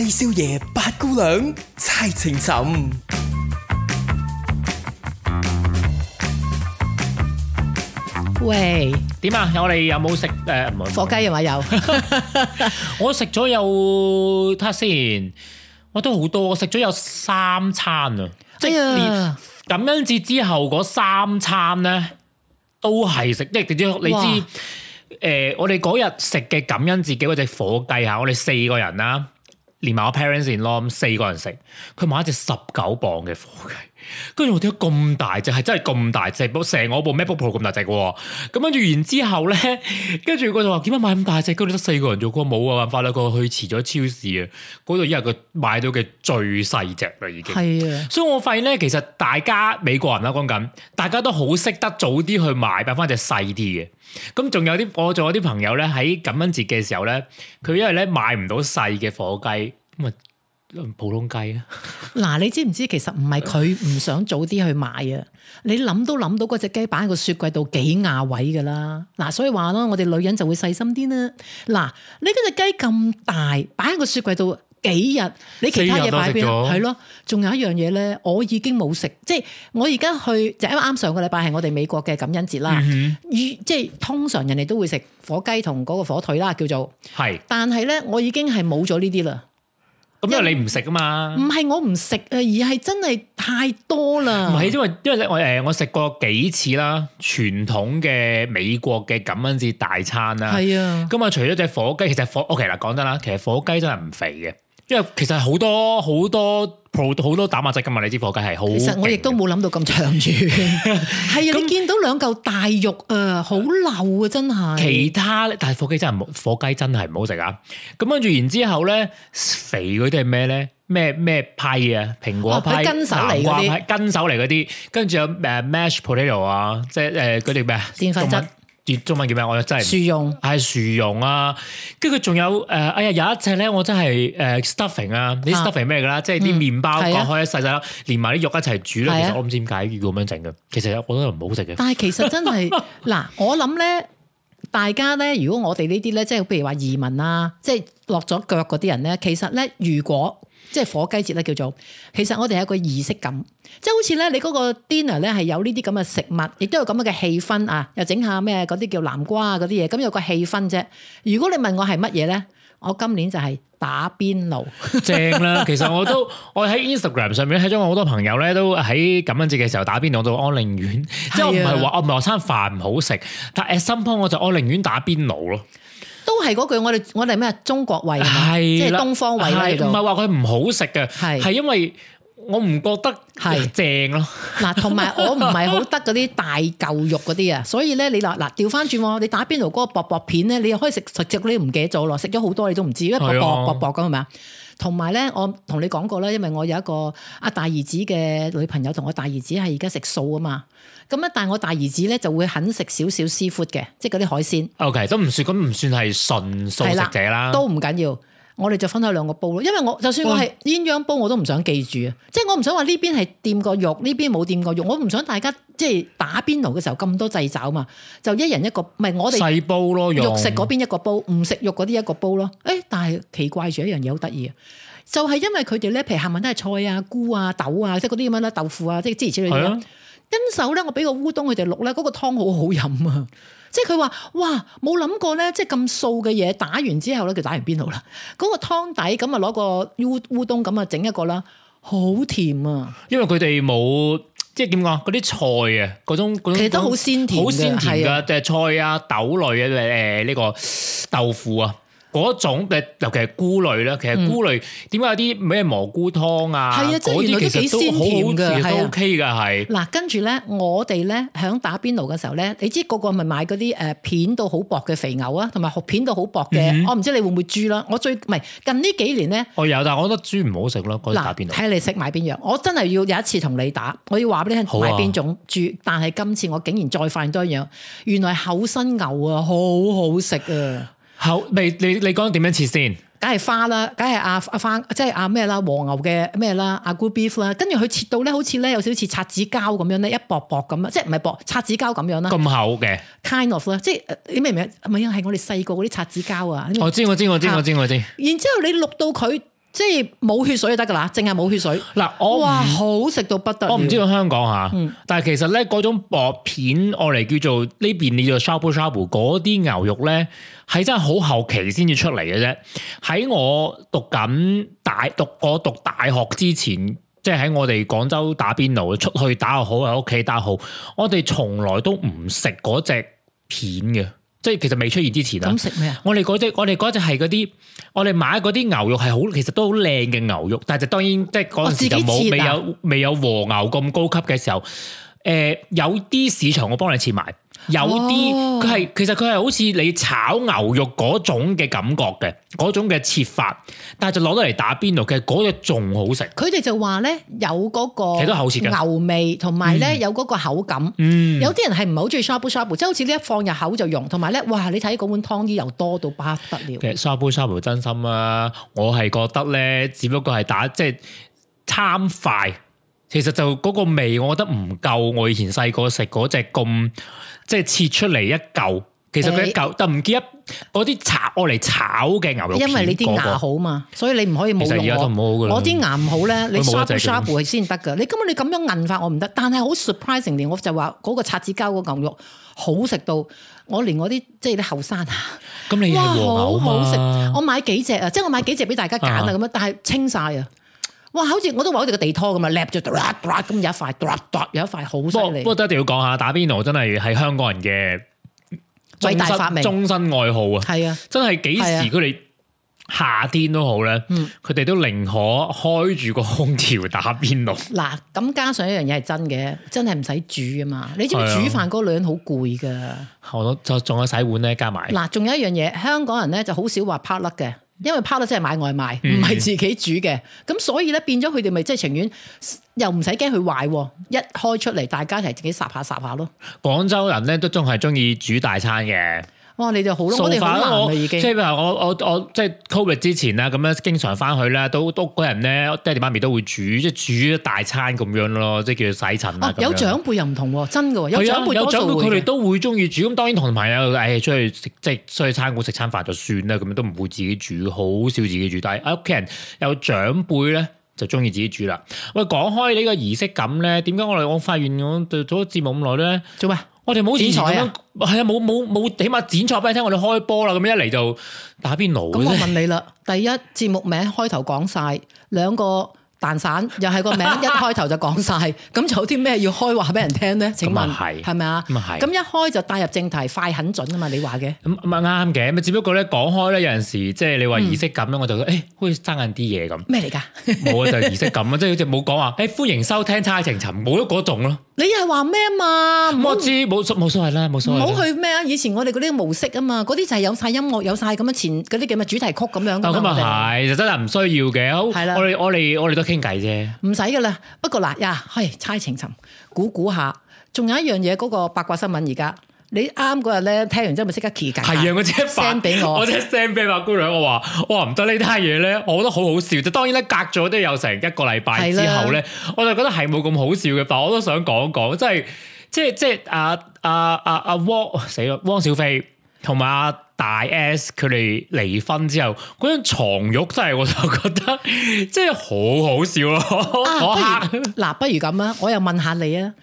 四少爺、八姑娘，猜情尋。喂，點啊？我哋有冇食誒？呃、火雞有冇有？ 我食咗有睇下先，我都好多。我食咗有三餐啊、哎呀！即係哇、呃、感恩節之後嗰三餐咧，都係食即係你知誒？我哋嗰日食嘅感恩節嗰隻火雞吓，我哋四個人啦。連埋我 parents in-law 先咯，咁四個人食，佢買咗隻十九磅嘅火雞。跟住我睇到咁大隻，係真係咁大隻，成我部 MacBook Pro 咁大隻嘅。咁跟住，然之後咧，跟住佢就話：點解買咁大隻？跟住得四個人做嘅，冇啊，冇辦法啦。佢去遲咗超市啊，嗰度因為佢買到嘅最細隻啦，已經係啊。所以我發現咧，其實大家美國人啦講緊，大家都好識得早啲去買，買翻隻細啲嘅。咁仲有啲，我仲有啲朋友咧，喺感恩節嘅時候咧，佢因為咧買唔到細嘅火雞咁啊。普通雞 啊！嗱，你知唔知其實唔係佢唔想早啲去買啊？你諗都諗到嗰隻雞擺喺個雪櫃度幾亞位噶啦！嗱、啊，所以話咯，我哋女人就會細心啲啦。嗱、啊，你嗰隻雞咁大，擺喺個雪櫃度幾日？你其他嘢擺邊？係咯，仲有一樣嘢咧，我已經冇食，即係我而家去就啱上個禮拜係我哋美國嘅感恩節啦。嗯、哼即係通常人哋都會食火雞同嗰個火腿啦，叫做係。是但係咧，我已經係冇咗呢啲啦。咁因為你唔食啊嘛？唔係我唔食啊，而係真係太多啦。唔係因為因為咧，我誒我食過幾次啦，傳統嘅美國嘅感恩節大餐啦。係啊，咁啊、嗯、除咗隻火雞，其實火 OK 嗱講真啦，其實火雞真係唔肥嘅。因為其實好多好多 pro 好多蛋白質噶嘛，你知火雞係好。其實我亦都冇諗到咁長遠，係啊！你見到兩嚿大肉、呃、啊，好漏啊，真係。其他咧，但係火雞真係冇，火雞真係唔好食啊！咁跟住，然之後咧，肥嗰啲係咩咧？咩咩批啊？蘋果派？跟手嚟南瓜批、跟手嚟嗰啲，跟住有咩 mash potato 啊，即係誒嗰啲咩？澱粉質。中文叫咩？我真係薯蓉，係薯、哎、蓉啊！跟住佢仲有誒、呃，哎呀有一隻咧，我真係誒、呃、stuffing 啊！你 stuffing 咩噶啦？啊、即係啲麵包割開細細粒，啊、連埋啲肉一齊煮咧、啊。其實我唔知點解要咁樣整嘅，其實我覺得唔好食嘅。但係其實真係嗱， 我諗咧。大家咧，如果我哋呢啲咧、啊，即係譬如話移民啦，即係落咗腳嗰啲人咧，其實咧，如果即係火雞節咧叫做，其實我哋有一個儀式感，即係好似咧，你嗰個 dinner 咧係有呢啲咁嘅食物，亦都有咁嘅氣氛啊，又整下咩嗰啲叫南瓜啊嗰啲嘢，咁有個氣氛啫。如果你問我係乜嘢咧？我今年就係打邊爐， 正啦。其實我都我喺 Instagram 上面睇咗我好多朋友咧，都喺感恩節嘅時候打邊爐，我到安寧願。即係我唔係話我唔係話餐飯唔好食，但係 simply 我就我寧願打邊爐咯。都係嗰句，我哋我哋咩中國胃係啦，啊、即係東方胃唔係話佢唔好食嘅，係係是因為。我唔覺得係是正咯、啊。嗱，同埋我唔係好得嗰啲大嚿肉嗰啲啊，所以咧你嗱嗱調翻轉，你打邊爐嗰個薄薄片咧，你又可以食食只你啲唔記得咗咯，食咗好多你都唔知，因為薄薄薄薄咁係咪啊？同埋咧，我同你講過啦，因為我有一個阿大兒子嘅女朋友同我大兒子係而家食素啊嘛，咁咧但係我大兒子咧就會肯食少少師傅嘅，即係嗰啲海鮮。OK，都唔算，咁唔算係純素食者啦，都唔緊要。我哋就分開兩個煲咯，因為我就算我係鴛鴦煲，我都唔想記住啊！喂即係我唔想話呢邊係掂過肉，呢邊冇掂過肉。我唔想大家即係打邊爐嘅時候咁多掣爪嘛，就一人一個。唔係我哋細煲咯，肉食嗰邊一個煲，唔食肉嗰啲一個煲咯。誒，但係奇怪住一樣嘢好得意啊，就係、是就是、因為佢哋咧，譬如下面都係菜啊、菇啊、豆啊，即係嗰啲咁樣啦，豆腐啊，即係之類之類嘅跟手咧，我俾個烏冬佢哋碌咧，嗰個湯好好飲啊！即係佢話哇，冇諗過咧，即係咁素嘅嘢打完之後咧，佢打完邊度啦？嗰個湯底咁啊，攞個烏烏冬咁啊，整一個啦，好甜啊！因為佢哋冇即係點講嗰啲菜啊，嗰種其實都好鮮甜，好鮮甜嘅誒菜啊、豆類啊誒呢個豆腐啊。嗰種尤其係菇類啦。其實菇類點解有啲咩蘑菇湯啊？嗰啲的些其實都鮮甜嘅，係的。嗱、okay，跟住咧，我哋咧響打邊爐嘅時候咧，你知個個咪買嗰啲誒片到好薄嘅肥牛啊，同埋片到好薄嘅。嗯、哼我唔知你會唔會豬啦。我最唔係近呢幾年咧。我有，但係我覺得豬唔好食咯。嗰啲打邊爐睇下你識買邊樣。我真係要有一次同你打，我要話俾你聽買邊種豬。啊、但係今次我竟然再發現多一樣，原來厚身牛啊，好好食啊！ 好，你你你講點樣切先？梗係花啦，梗係阿阿花，即係阿咩啦，和牛嘅咩啦，阿 good beef 啦，跟住佢切到咧，好似咧有少少似擦紙膠咁樣咧，一薄薄咁樣，即係唔係薄，擦紙膠咁樣啦。咁厚嘅，kind of 啦，即係你明唔明啊？係咪因為係我哋細個嗰啲擦紙膠啊？我知我知我知我知我知。然之後你錄到佢。即係冇血水就得噶啦，淨係冇血水。嗱，我話好食到不得。我唔知道香港吓、啊，嗯、但係其實咧嗰種薄片，我嚟，叫做呢邊，你叫 shabu shabu 嗰啲牛肉咧，係真係好後期先至出嚟嘅啫。喺我讀緊大讀我讀大學之前，即係喺我哋廣州打邊爐，出去打又好，喺屋企打好，我哋從來都唔食嗰隻片嘅。即係其實未出現之前啊，咁食咩啊，我哋嗰隻我哋只係嗰啲，我哋買嗰啲牛肉係好，其實都好靚嘅牛肉，但係就當然即係嗰陣時就冇、啊、未有未有和牛咁高級嘅時候，誒、呃、有啲市場我幫你切埋，有啲佢係，其實佢係好似你炒牛肉嗰種嘅感覺嘅，嗰種嘅切法，但係就攞到嚟打邊爐，嘅嗰隻仲好食。佢哋就話咧有嗰個牛味，同埋咧有嗰個口感。嗯，有啲人係唔係好中意 shabu shabu，即係好似呢一放入口就溶，同埋咧，哇，你睇嗰碗湯啲油多到不得了。其實 shabu shabu 真心啊，我係覺得咧，只不過係打即係貪快，其實就嗰個味，我覺得唔夠我以前細個食嗰隻咁。即係切出嚟一嚿，其實佢一嚿、欸、但唔見一嗰啲炒我嚟炒嘅牛肉，因為你啲牙好嘛，所以你唔可以冇用。其實我啲牙唔好咧，你 sharp sharp 先得嘅。你根本你咁樣韌法我唔得。但係好 surprisingly，我就話嗰個擦子膠個牛肉好食到，我連我啲即係啲後生啊。咁、就是、你係 好好食，嗯、我買幾隻啊？啊即係我買幾隻俾大家揀啊？咁樣，但係清晒啊！哇！好似我都話好似個地拖咁啊，揼咁有一塊，有一塊好犀利。不過都一定要講下打邊爐真係係香港人嘅最大發明，終身愛好啊！係啊，真係幾時佢哋夏天都好咧，佢哋、啊、都寧可開住個空調打邊爐。嗱咁、嗯啊、加上一樣嘢係真嘅，真係唔使煮啊嘛！你知唔知煮飯嗰個女人好攰噶？係咯、啊，仲仲有洗碗咧加埋。嗱、啊，仲有一樣嘢，香港人咧就好少話趴甩嘅。因為拋得真係買外賣，唔係自己煮嘅，咁、嗯、所以咧變咗佢哋咪即係情願，又唔使驚佢壞，一開出嚟大家齊自己烚下烚下咯。廣州人咧都仲係中意煮大餐嘅。哇！你就好咯，我哋即係譬如我我我即係 covid 之前啦，咁樣經常翻去啦，都屋企人咧，爹地媽咪都會煮，即係煮一大餐咁樣咯，即係叫做洗塵啦。啊，有長輩又唔同喎，真嘅，有長輩有長輩佢哋都會中意煮。咁當然同朋友誒出去食，即係出去餐館食餐飯就算啦。咁樣都唔會自己煮，好少自己煮。但係屋企人有長輩咧，就中意自己煮啦。喂，講開呢個儀式感咧，點解我嚟我發現我做咗節目咁耐咧？做咩？我哋冇剪彩咯，係啊，冇冇冇，起碼剪彩俾你聽我，我哋開波啦。咁一嚟就打邊爐。咁我問你啦， 第一節目名開頭講晒兩個蛋散，又係個名一開頭就講晒，咁 有啲咩要開話俾人聽咧？請問係係咪啊？咁一開就帶入正題，快狠準啊嘛！你話嘅咁咪啱嘅，咪只不過咧講開咧，有陣時即係你話儀式感咧，我就覺得誒、欸，好似爭硬啲嘢咁。咩嚟噶？冇 啊，就儀式感啊， 即係好似冇講話誒，歡迎、欸、收聽《猜情尋》，冇咗嗰種咯。你係話咩啊嘛？我知冇冇所謂啦，冇所謂。唔好去咩啊？以前我哋嗰啲模式啊嘛，嗰啲就係有晒音樂，有晒咁樣前嗰啲嘅咪主題曲咁樣。但係咁啊係，就真係唔需要嘅。我我我哋我哋都傾偈啫。唔使噶啦，不過嗱呀，係猜情尋，估估下。仲有一樣嘢，嗰個八卦新聞而家。你啱嗰日咧，聽完之後咪即刻企緊，係啊！我即刻 send 俾我，我即刻 send 俾八姑娘，我話我話唔得呢單嘢咧，我覺得好好笑。就當然咧，隔咗都有成一個禮拜之後咧，的我就覺得係冇咁好笑嘅。但我都想講講，即係即係即係阿阿阿阿汪死咯，汪小菲同埋阿大 S 佢哋離婚之後嗰張床褥真係，我就覺得即係好好笑咯。 啊，嗱，不如咁 啊如，我又問下你啊，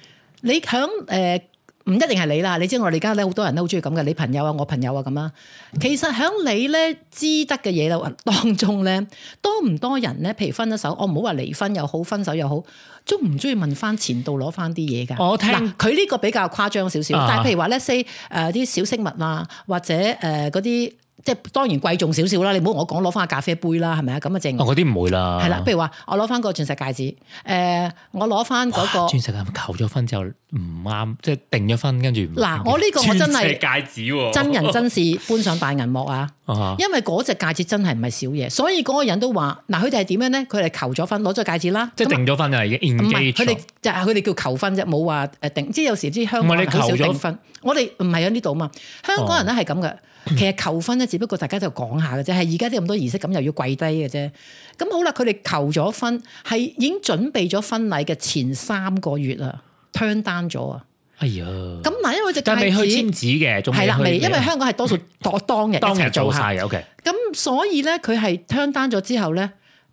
你響誒。呃唔一定係你啦，你知我哋而家咧好多人都好中意咁嘅。你朋友啊，我朋友啊咁啦。其實喺你咧知得嘅嘢當中咧，多唔多人咧？譬如分咗手，我唔好話離婚又好，分手又好，中唔中意問翻前度攞翻啲嘢噶？我睇聽佢呢個比較誇張少少，啊、但係譬如話咧，四誒啲小飾物啊，或者誒嗰啲。呃即係當然貴重少少啦，你唔好同我講攞翻個咖啡杯啦，係咪啊？咁啊正。哦，嗰啲唔會啦。係啦，譬如話我攞翻個鑽石戒指，誒、呃，我攞翻嗰個。鑽石啊！求咗婚之後唔啱，即係定咗婚跟住。嗱，我呢個我真係鑽石戒指喎，真係戒指哦、真人真事搬上大銀幕啊！因為嗰隻戒指真係唔係少嘢，所以嗰個人都話，嗱，佢哋係點樣咧？佢哋求咗婚，攞咗戒指啦，即係定咗婚啦，已經就。佢哋就係佢哋叫求婚啫，冇話誒定，即係有時啲香港人好少訂婚。我哋唔係喺呢度啊嘛，香港人咧係咁嘅，哦、其實求婚咧只不過大家就講下嘅啫。係而家啲咁多儀式咁又要跪低嘅啫。咁好啦，佢哋求咗婚係已經準備咗婚禮嘅前三個月啦 turn down 咗啊。哎呀！咁嗱，因為隻戒指未去簽紙嘅，仲係啦，未，因為香港係多數當當日當日做曬嘅。咁所以咧，佢係簽單咗之後咧，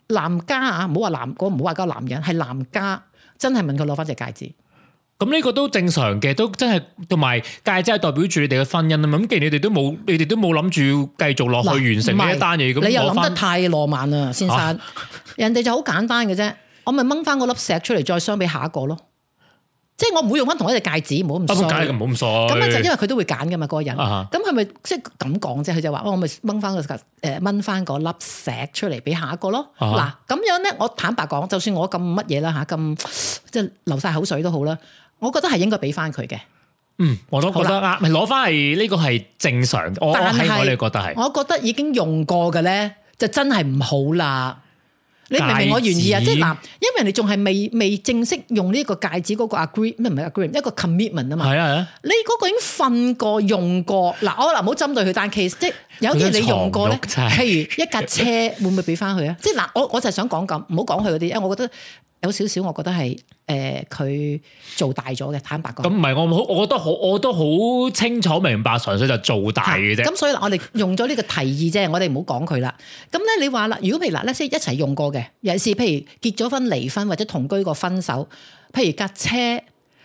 男家啊，唔好話男，唔好話個男人，係男家真係問佢攞翻隻戒指。咁呢個都正常嘅，都真係同埋戒指係代表住你哋嘅婚姻啊嘛。咁既然你哋都冇，你哋都冇諗住要繼續落去完成呢一單嘢，咁你又諗得太浪漫啦，先生。啊、人哋就好簡單嘅啫，我咪掹翻個粒石出嚟，再相俾下一個咯。即係我唔會用翻同一隻戒指，唔好咁傻。咁梗係唔好咁傻。咁啊，就因為佢都會揀噶嘛，嗰個人。咁佢咪即係咁講啫？佢、huh. 就話，我咪掹翻個誒，掹翻個粒石出嚟俾下一個咯。嗱、uh，咁、huh. 樣咧，我坦白講，就算我咁乜嘢啦吓，咁、啊、即係流晒口水都好啦，我覺得係應該俾翻佢嘅。嗯，我都覺得啱，咪攞翻係呢個係正常。我係我我哋覺得係，我覺得已經用過嘅咧，就真係唔好啦。你明唔明我原意啊？紫即係嗱，因為人哋仲係未未正式用呢個戒指，嗰個 agree 咩唔係 agree 一個 commitment 啊嘛。係啊，你嗰個已經瞓過用過嗱，我嗱唔好針對佢，但其實即係有啲你用過咧，譬如一架車 會唔會俾翻佢啊？即係嗱，我我就係想講咁，唔好講佢嗰啲，因為我覺得。有少少、呃嗯，我覺得係誒佢做大咗嘅，坦白講。咁唔係我，我覺得好，我都好清楚明白，純粹就做大嘅啫。咁、嗯嗯、所以我哋用咗呢個提議啫，我哋唔好講佢啦。咁、嗯、咧，你話啦，如果譬如嗱，咧即係一齊用過嘅，尤其係譬如結咗婚、離婚或者同居過分手，譬如架車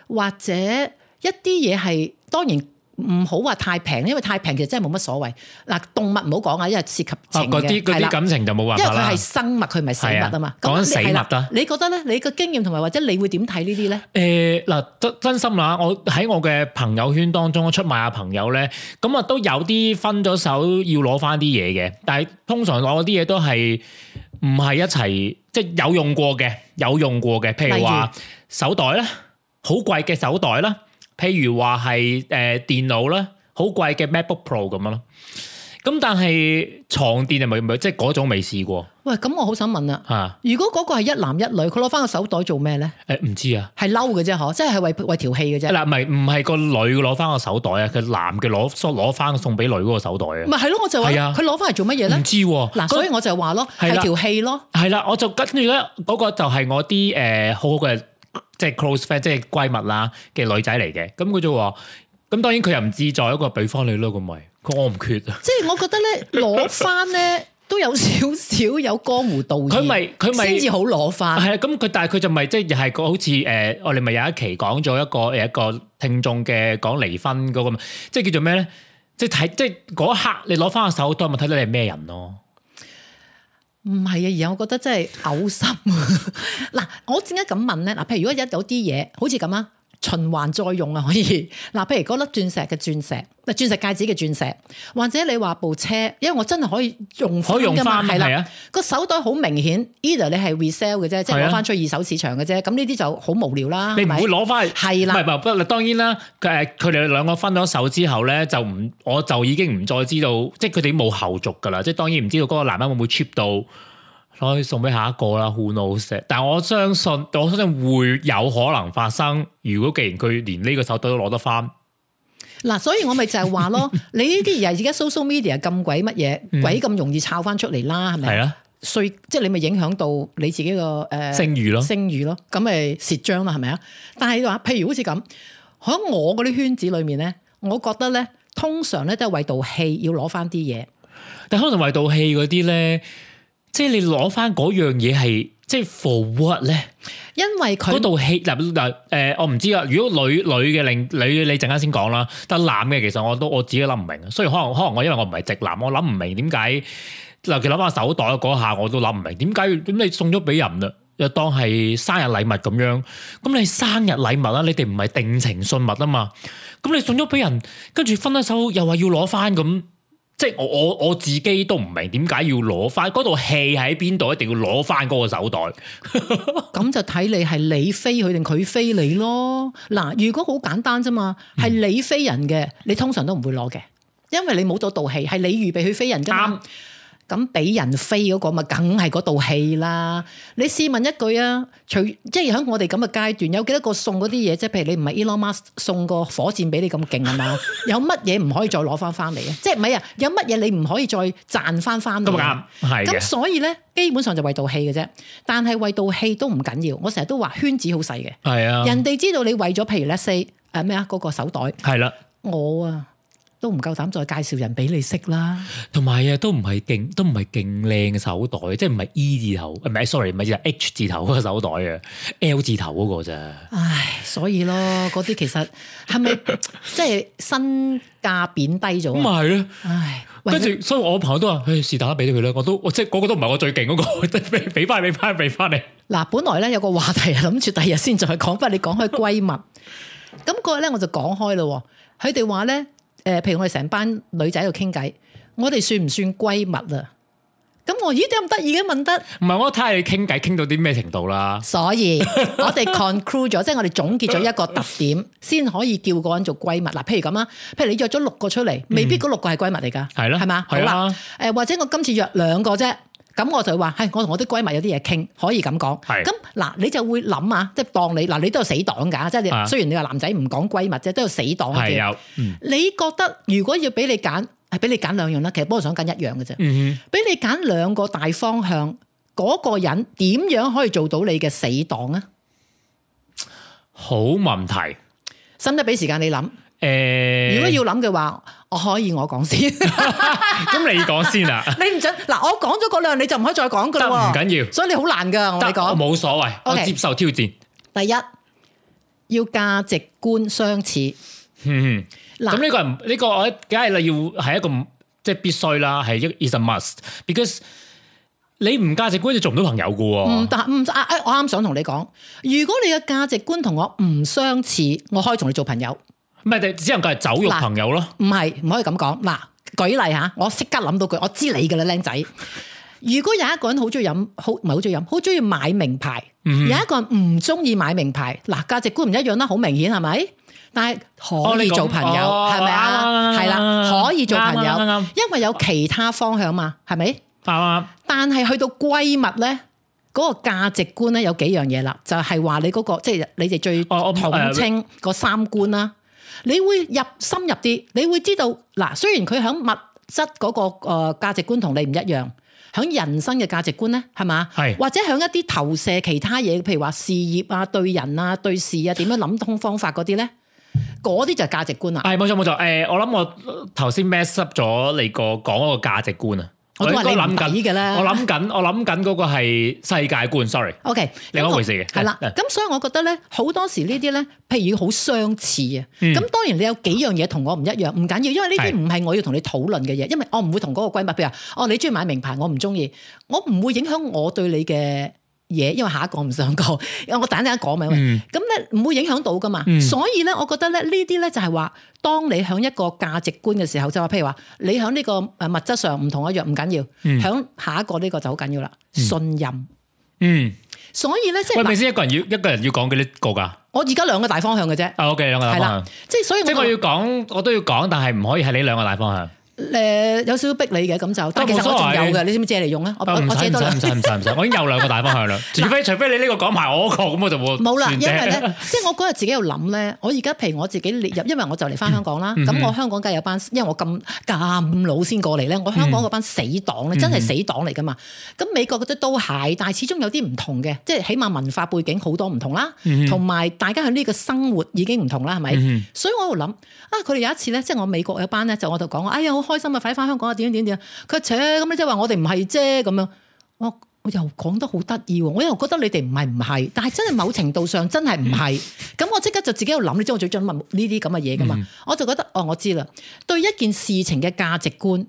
或者一啲嘢係當然。唔好話太平，因為太平其實真係冇乜所謂。嗱，動物唔好講啊，因為涉及啲感情就冇話啦，因為佢係生物，佢唔係死物啊嘛。講緊死物啊。你覺得咧？你個經驗同埋或者你會點睇呢啲咧？誒嗱，真真心啦，我喺我嘅朋友圈當中，我出賣下朋友咧，咁啊都有啲分咗手要攞翻啲嘢嘅，但係通常攞嗰啲嘢都係唔係一齊，即係有用過嘅，有用過嘅，譬如話手袋啦，好貴嘅手袋啦。譬如話係誒電腦啦，好貴嘅 MacBook Pro 咁樣咯。咁但係床墊啊，未未即係嗰種未試過。喂，咁我好想問啦，如果嗰個係一男一女，佢攞翻個手袋做咩咧？誒，唔知啊，係嬲嘅啫嗬，即係係為為調戲嘅啫。嗱，唔係唔係個女攞翻個手袋啊，佢男嘅攞送攞翻送俾女嗰個手袋啊。咪係咯，我就話係啊，佢攞翻嚟做乜嘢咧？唔知嗱，所以我就話咯，係調戲咯。係啦，我就跟住咧，嗰個就係我啲誒好好嘅。即係 close friend，即係閨蜜啦嘅女仔嚟嘅，咁佢就話，咁當然佢又唔自在一個比方女撈咁咪？佢我唔缺，啊。」即係我覺得咧攞翻咧都有少少有江湖道義，佢咪佢咪先至好攞翻。係啊，咁佢但係佢就咪即係係好似誒、呃，我哋咪有一期講咗一個有一個聽眾嘅講離婚嗰個，即係叫做咩咧？即係睇即係嗰一刻你攞翻個手袋，睇咪睇到你係咩人咯？唔係啊，而我覺得真係嘔心啊。嗱，我點解咁問咧？嗱，譬如如果有一啲嘢好似咁啊。循環再用啊，可以。嗱，譬如嗰粒鑽石嘅鑽石，唔係鑽石戒指嘅鑽石，或者你話部車，因為我真係可以用翻嘅，係啦。個手袋好明顯，either 你係 resell 嘅啫，的即係攞翻出去二手市場嘅啫，咁呢啲就好無聊啦。你唔會攞翻係啦，唔係唔係，當然啦。誒，佢哋兩個分咗手之後咧，就唔，我就已經唔再知道，即係佢哋冇後續㗎啦。即係當然唔知道嗰個男人會唔會 cheap 到。可以送俾下一個啦，Who knows？但係我相信，我相信會有可能發生。如果既然佢連呢個手袋都攞得翻，嗱， 所以我咪就係話咯，你呢啲而家 social media 咁鬼乜嘢，鬼咁、嗯、容易抄翻出嚟啦，係咪啊？所以即係、就是、你咪影響到你自己個誒、呃、聲譽咯，聲譽咯，咁咪蝕章啦，係咪啊？但係話，譬如好似咁，喺我嗰啲圈子裏面咧，我覺得咧，通常咧都係為道氣要攞翻啲嘢，但可能為道氣嗰啲咧。即係你攞翻嗰樣嘢，係即係 forward 咧，就是、for 呢，因為佢嗰度氣嗱嗱，誒，我唔知啊。如果女女嘅令女你陣間先講啦。但男嘅其實我都我自己諗唔明。雖然可能可能我因為我唔係直男，我諗唔明點解。尤其諗下手袋嗰下，我都諗唔明點解。咁你送咗俾人啦，又當係生日禮物咁樣。咁你生日禮物啦，你哋唔係定情信物啊嘛。咁你送咗俾人，跟住分咗手又，又話要攞翻咁。即係我我我自己都唔明點解要攞翻嗰道氣喺邊度，一定要攞翻嗰個手袋。咁 就睇你係你飛佢定佢飛你咯。嗱，如果好簡單啫嘛，係你飛人嘅，嗯、你通常都唔會攞嘅，因為你冇咗道氣，係你預備去飛人啫。咁俾人飛嗰個咪梗係嗰啖氣啦！你試問一句啊，除即係喺我哋咁嘅階段，有幾多個送嗰啲嘢？即係譬如你唔係 Elon Musk 送個火箭俾你咁勁係嘛？ 有乜嘢唔可以再攞翻翻嚟啊？即係唔係啊？有乜嘢你唔可以再賺翻翻？咁，啊，啱，咁所以咧，基本上就為啖氣嘅啫。但係為啖氣都唔緊要，我成日都話圈子好細嘅。係啊，人哋知道你為咗譬如 let's say 啊咩啊嗰個手袋。係啦的，我啊。都唔夠膽再介紹人俾你識啦，同埋啊，都唔係勁，都唔係勁靚嘅手袋，即係唔係 E 字頭，唔係 sorry，唔係 H 字頭嗰個手袋啊，L 字頭嗰個咋？唉，所以咯，嗰啲其實係咪 即係身價貶低咗啊？唔係啊，嗯就是、唉，跟住所以我朋友都話，唉，是但啦，俾咗佢啦，我都，我即係嗰個都唔係我最勁嗰、嗰個，得俾俾翻，俾翻，俾翻你。嗱，本來咧有個話題諗住第二日先再講，不過你講開閨蜜，咁嗰 日咧我就講開啦，佢哋話咧。誒、呃，譬如我哋成班女仔喺度傾偈，我哋算唔算閨蜜啊？咁我咦，啲咁得意嘅問得，唔係我睇下你傾偈傾到啲咩程度啦。所以 我哋 conclude 咗，即係我哋總結咗一個特點，先可以叫嗰個人做閨蜜。嗱、呃，譬如咁啊，譬如你約咗六個出嚟，未必嗰六個係閨蜜嚟㗎，係咯，係嘛？好啦，誒、啊呃、或者我今次約兩個啫。咁我就話，係、哎、我同我啲閨蜜有啲嘢傾，可以咁講。咁嗱是、嗯，你就會諗啊，即係當你嗱，你都有死黨噶，即係你雖然你話男仔唔講閨蜜，即都有死黨嘅。有嗯、你覺得如果要俾你揀，係俾你揀兩樣啦，其實不過我想揀一樣嘅啫。俾、嗯、哼你揀兩個大方向，嗰、嗰個人點樣可以做到你嘅死黨啊？好問題，先得俾時間你諗。誒，如果要諗嘅話，我可以我講先, 先。咁你講先啊？你唔准嗱，我講咗嗰兩，你就唔可以再講噶啦。唔緊要，所以你好難噶行說。我講，我冇所謂，我接受挑戰。第一要價值觀相似。咁呢、嗯嗯、個呢、這個我梗係你要係一個即係必須啦，係一個 is a must，because 你唔價值觀你做唔到朋友噶。唔得唔得啊！我啱想同你講，如果你嘅價值觀同我唔相似，我可以同你做朋友。只能夠係酒肉朋友咯。唔係、啊，唔可以咁講。嗱、啊，舉例吓，我即刻諗到句，我知你嘅啦，僆仔。如果有一個人好中意飲，好唔係好中意飲，好中意買名牌；嗯、哼有一個唔中意買名牌。嗱、啊，價值觀唔一樣啦，好明顯係咪？但係可以做朋友，係咪、哦哦、啊？係啦、啊啊，可以做朋友，啊啊啊啊、因為有其他方向嘛，係咪？啱、啊。啊、但係去到閨蜜咧，嗰、那個價值觀咧有幾樣嘢啦，就係、是、話你嗰、那個即係、就是、你哋最統稱個三觀啦。你會入深入啲，你會知道嗱，雖然佢喺物質嗰個誒價值觀同你唔一樣，喺人生嘅價值觀咧，係嘛？係是或者喺一啲投射其他嘢，譬如話事業啊、對人啊、對事啊，點樣諗通方法嗰啲咧？嗰啲 就係價值觀啦。係冇錯冇錯，誒、欸，我諗我頭先 mess up 咗你個講嗰個價值觀啊。我都諗緊㗎啦，我諗緊，我諗緊嗰個係世界觀，sorry，OK，另外一回事嘅，係啦。咁所以我覺得咧，好多時呢啲咧，譬如好相似啊。咁、嗯、當然你有幾樣嘢同我唔一樣，唔緊要，因為呢啲唔係我要同你討論嘅嘢，的因為我唔會同嗰個閨蜜，譬如話，哦，你中意買名牌，我唔中意，我唔會影響我對你嘅嘢，因為下一個唔想講，因為我等陣一講名，咁咧唔會影響到噶嘛，嗯、所以咧我覺得咧呢啲咧就係話，當你響一個價值觀嘅時候，就話譬如話你響呢個物質上唔同一樣唔緊要，響、嗯、下一個呢個就好緊要啦，嗯、信任。嗯，所以咧喂，平時一個人要一個人要講幾多個噶？我而家兩個大方向嘅啫。啊、哦、OK，兩個大方向，了即係所以即係我要講，我都要講，但係唔可以係你兩個大方向。誒有少少逼你嘅咁就，但係其實仲有嘅，你知唔知借嚟用咧？我唔使唔使我已經有兩個大方向啦。除非除非你呢個講埋我個咁我就冇。冇啦，因為咧，即係我嗰日自己有諗咧，我而家譬如我自己列入，因為我就嚟翻香港啦，咁我香港梗係有班，因為我咁咁老先過嚟咧，我香港嗰班死黨咧真係死黨嚟㗎嘛。咁美國嗰啲都係，但係始終有啲唔同嘅，即係起碼文化背景好多唔同啦，同埋大家喺呢個生活已經唔同啦，係咪？所以我喺度諗啊，佢哋有一次咧，即係我美國有班咧，就我度講，哎呀！開心啊，快啲翻香港啊，點點點佢扯切咁你，即係話我哋唔係啫咁樣。我我又講得好得意喎，我又覺得你哋唔係唔係，但係真係某程度上真係唔係。咁、嗯、我即刻就自己喺度諗，你知我最中意問呢啲咁嘅嘢噶嘛？嗯、我就覺得哦，我知啦。對一件事情嘅價值觀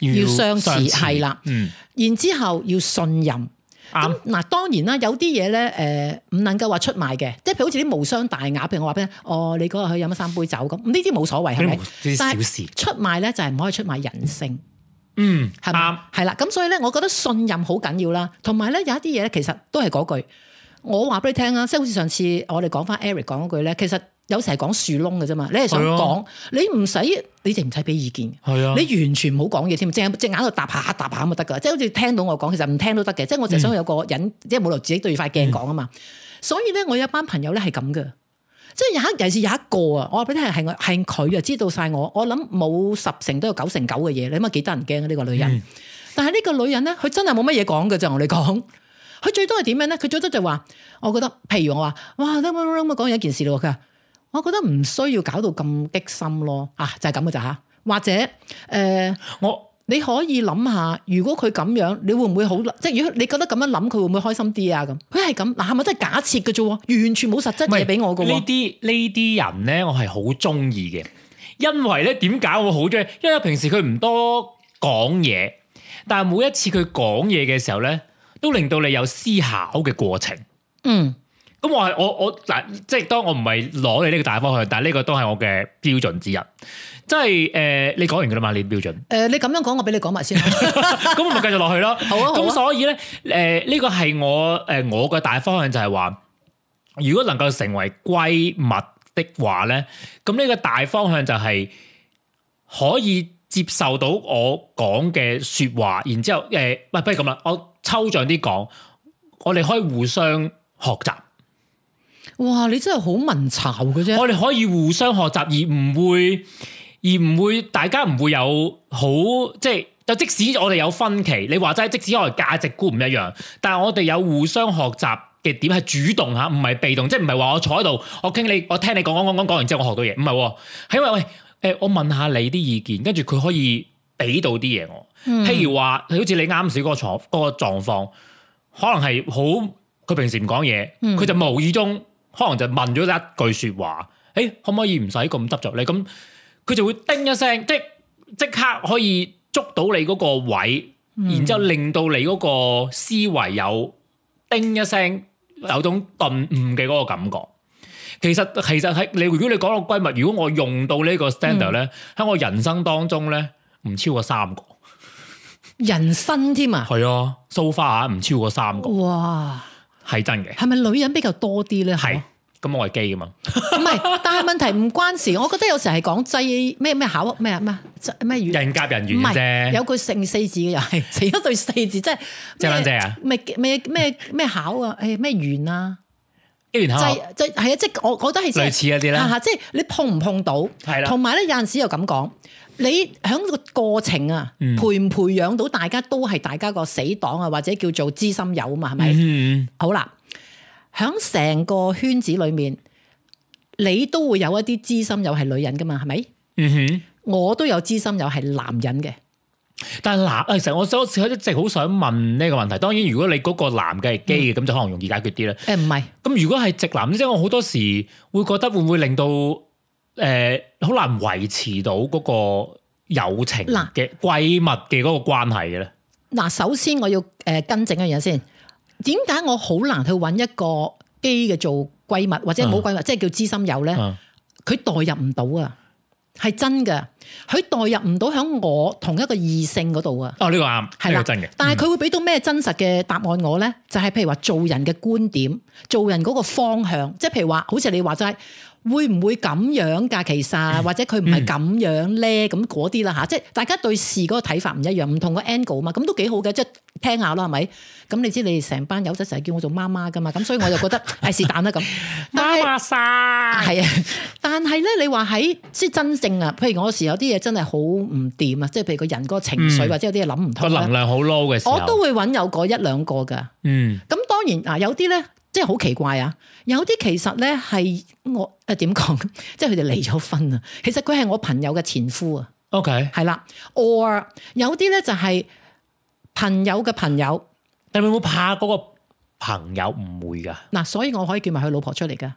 要相似，係啦。嗯，然之後要信任。咁嗱，嗯、當然啦，有啲嘢咧，誒唔能夠話出賣嘅，即係譬如好似啲無傷大雅，譬如我話俾你，哦，你嗰日去飲咗三杯酒咁，呢啲冇所謂，係咪？小事，出賣咧就係唔可以出賣人性，嗯，啱吧，係啦、嗯。咁所以咧，我覺得信任好緊要啦，同埋咧有一啲嘢咧，其實都係嗰句，我話俾你聽啊，即係好似上次我哋講翻 Eric 講嗰句咧，其實。有時係講樹窿嘅啫嘛，你係想講、啊，你唔使，你就唔使俾意見，啊、你完全唔好講嘢添，淨係隻眼度揼下揼下咁就得噶，即係好似聽到我講，其實唔聽都得嘅，即係我就想有個人，即係冇留自己對住塊鏡講啊嘛。所以咧，我有班朋友咧係咁嘅，即、就、係、是、有一，尤其是有一個啊，我話俾你聽係佢啊，知道晒我，我諗冇十成都有九成九嘅嘢，你諗下幾得人驚啊呢個女人。但係呢個女人咧，佢真係冇乜嘢講嘅就同你講，佢最多係點樣咧？佢最多就話，我覺得，譬如我話，哇，咁咁咁咁講一件事佢啊。我覺得唔需要搞到咁激心咯，啊就係咁嘅咋吓，或者誒、呃、我你可以諗下，如果佢咁樣，你會唔會好，即係。如果你覺得咁樣諗，佢會唔會開心啲啊？咁佢係咁嗱，係、啊、咪真係假設嘅啫？完全冇實質嘢俾我嘅。人呢啲呢啲人咧，我係好中意嘅，因為咧點解我好中意？因為平時佢唔多講嘢，但係每一次佢講嘢嘅時候咧，都令到你有思考嘅過程。嗯。咁我係我我嗱，即係當我唔係攞你呢個大方向，但係呢個都係我嘅標準之一。即係誒、呃，你講完噶啦嘛？你啲標準誒、呃，你咁樣講，我俾你講埋先。咁 我咪繼續落去咯、啊。好啊。咁所以咧，誒、呃，呢、這個係我誒、呃，我嘅大方向就係話，如果能夠成為閨蜜的話咧，咁呢個大方向就係可以接受到我講嘅說話，然之後誒，唔、呃、不如咁啦，我抽象啲講，我哋可以互相學習。哇！你真係好文采嘅啫。我哋可以互相學習，而唔會而唔會大家唔會有好即係。就是、即使我哋有分歧，你話齋，即使我哋價值觀唔一樣，但係我哋有互相學習嘅點係主動吓，唔係被動，即係唔係話我坐喺度，我傾你，我聽你講講講講講完之後，我學到嘢。唔係，係因為喂，誒、欸，我問下你啲意見，跟住佢可以俾到啲嘢我。嗯、譬如話，好似你啱先嗰個狀、嗰個狀況，可能係好佢平時唔講嘢，佢就無意中。嗯可能就問咗一句説話，誒、欸、可唔可以唔使咁執着咧？咁佢就會叮一聲，即即刻可以捉到你嗰個位，嗯、然之後令到你嗰個思維有叮一聲，有種頓悟嘅嗰個感覺。其實其實係你。如果你講個閨蜜，如果我用到呢個 standard 咧、嗯，喺我人生當中咧，唔超過三個，人生添係啊，so far 嚇唔超過三個。哇！係真嘅，係咪女人比較多啲咧？係，咁我係基 a 噶嘛？唔係，但係問題唔關事。我覺得有時係講劑咩咩考咩咩，咩人夾人緣啫。有句成四字嘅又係，成一對四字，即係張生姐啊？咪咪咩咩考啊？誒咩緣啊？即係即係啊！即係我我覺得係類似一啲啦。即係你碰唔碰到？係啦。同埋咧，有陣時又咁講。你喺個過程啊，培唔培養到大家都係大家個死黨啊，或者叫做知心友啊嘛，係咪？嗯、哼好啦，喺成個圈子裏面，你都會有一啲知心友係女人噶嘛，係咪？嗯、哼我都有知心友係男人嘅，但係男誒，其實我就好一直好想問呢個問題。當然，如果你嗰個男嘅係基嘅，咁、嗯、就可能容易解決啲啦。誒、嗯，唔係。咁如果係直男，即我好多時會覺得會唔會令到？誒，好、呃、難維持到嗰個友情嘅閨蜜嘅嗰個關係嘅咧。嗱，首先我要誒更正一下先，點解我好難去揾一個基嘅做閨蜜或者冇好閨蜜，嗯、即係叫知心友咧？佢、嗯、代入唔到啊，係真嘅，佢代入唔到響我同一個異性嗰度啊。哦，呢、這個啱，係啦的，真嘅。嗯、但係佢會俾到咩真實嘅答案我咧？就係、是、譬如話做人嘅觀點，做人嗰個方向，即係譬如話，好似你話齋。會唔會咁樣噶？其實或者佢唔係咁樣咧，咁嗰啲啦吓，即係大家對事嗰個睇法唔一樣，唔同個 angle 嘛，咁都幾好嘅，即係聽下啦，係咪？咁你知你哋成班友仔成日叫我做媽媽噶嘛，咁所以我就覺得係是但啦咁。媽媽晒係啊，但係咧你話喺即係真正啊，譬如我有時有啲嘢真係好唔掂啊，即係譬如個人嗰個情緒或者有啲嘢諗唔通咧，個能量好 low 嘅時候，我都會搵有嗰一兩個噶。嗯，咁當然啊，有啲咧。即係好奇怪啊！有啲其實咧係我誒點講？即係佢哋離咗婚啊！其實佢係我朋友嘅前夫啊。OK，係啦。Or 有啲咧就係朋友嘅朋友。你會唔會怕嗰個朋友誤會㗎？嗱，所以我可以叫埋佢老婆出嚟㗎。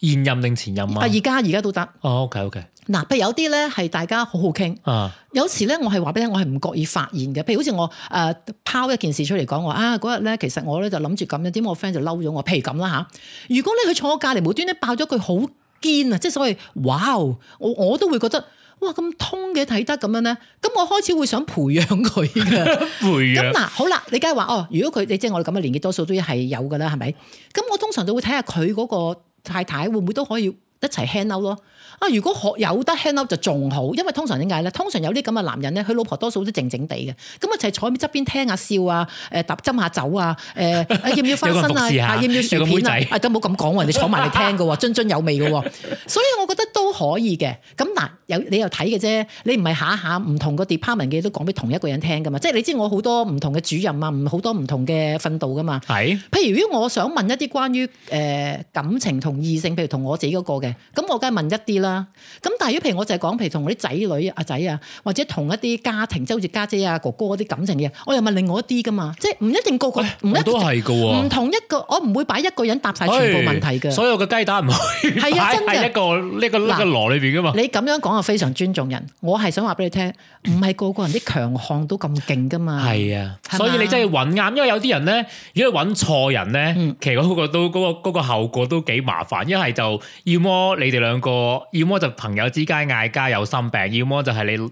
現任定前任啊！啊，而家而家都得哦。OK OK。嗱，譬如有啲咧係大家好好傾。啊，有時咧我係話俾你聽，我係唔覺意發現嘅。譬如好似我誒拋一件事出嚟講話，我啊嗰日咧其實我咧就諗住咁樣，點我 friend 就嬲咗我。譬如咁啦嚇，如果咧佢坐我隔離無端端爆咗句好堅啊，即係所謂哇我我都會覺得哇咁通嘅睇得咁樣咧，咁我開始會想培養佢。 培養。咁嗱，好啦，你梗係話哦，如果佢你即係我哋咁嘅年紀，多數都係有㗎啦，係咪？咁我通常就會睇下佢嗰個。太太會唔會都可以一齊 handle 咯？啊，如果學有得 handle 就仲好，因為通常點解咧？通常有啲咁嘅男人咧，佢老婆多數都靜靜地嘅，咁啊就係坐喺側邊聽下笑啊，誒揼斟下酒啊，誒、呃啊、要唔要翻身啊？要唔要薯片啊？都唔好咁講喎，你、啊啊、坐埋嚟聽嘅喎、啊，津津 有味嘅喎、啊，所以我覺得都可以嘅，咁。有你又睇嘅啫，你唔係下下唔同個 department 嘅都講俾同一個人聽噶嘛？即係你知我好多唔同嘅主任啊，好多唔同嘅訓導噶嘛。係是。譬如如果我想問一啲關於誒感情同異性，譬如同我自己嗰個嘅，咁我梗係問一啲啦。咁但係如果譬如我就係講，譬如同我啲仔女阿仔啊，或者同一啲家庭，即係好似家姐啊哥哥嗰啲感情嘅，我又問另外一啲噶嘛。即係唔一定個個都係噶喎，唔同一個，我唔會擺一個人搭晒全部問題嘅。所有嘅雞蛋唔可以係啊，真嘅。呢個呢個籮裡邊噶嘛。你咁。咁樣講啊，非常尊重人。我係想話俾你聽，唔係個個人啲強項都咁勁噶嘛。係啊，嗎所以你真係要揾啱，因為有啲人咧，如果揾錯人咧，其實個都嗰、嗰個嗰、嗰個效果都幾麻煩。一係就要麼你哋兩個，要麼就朋友之間嗌交有心病，要麼就係你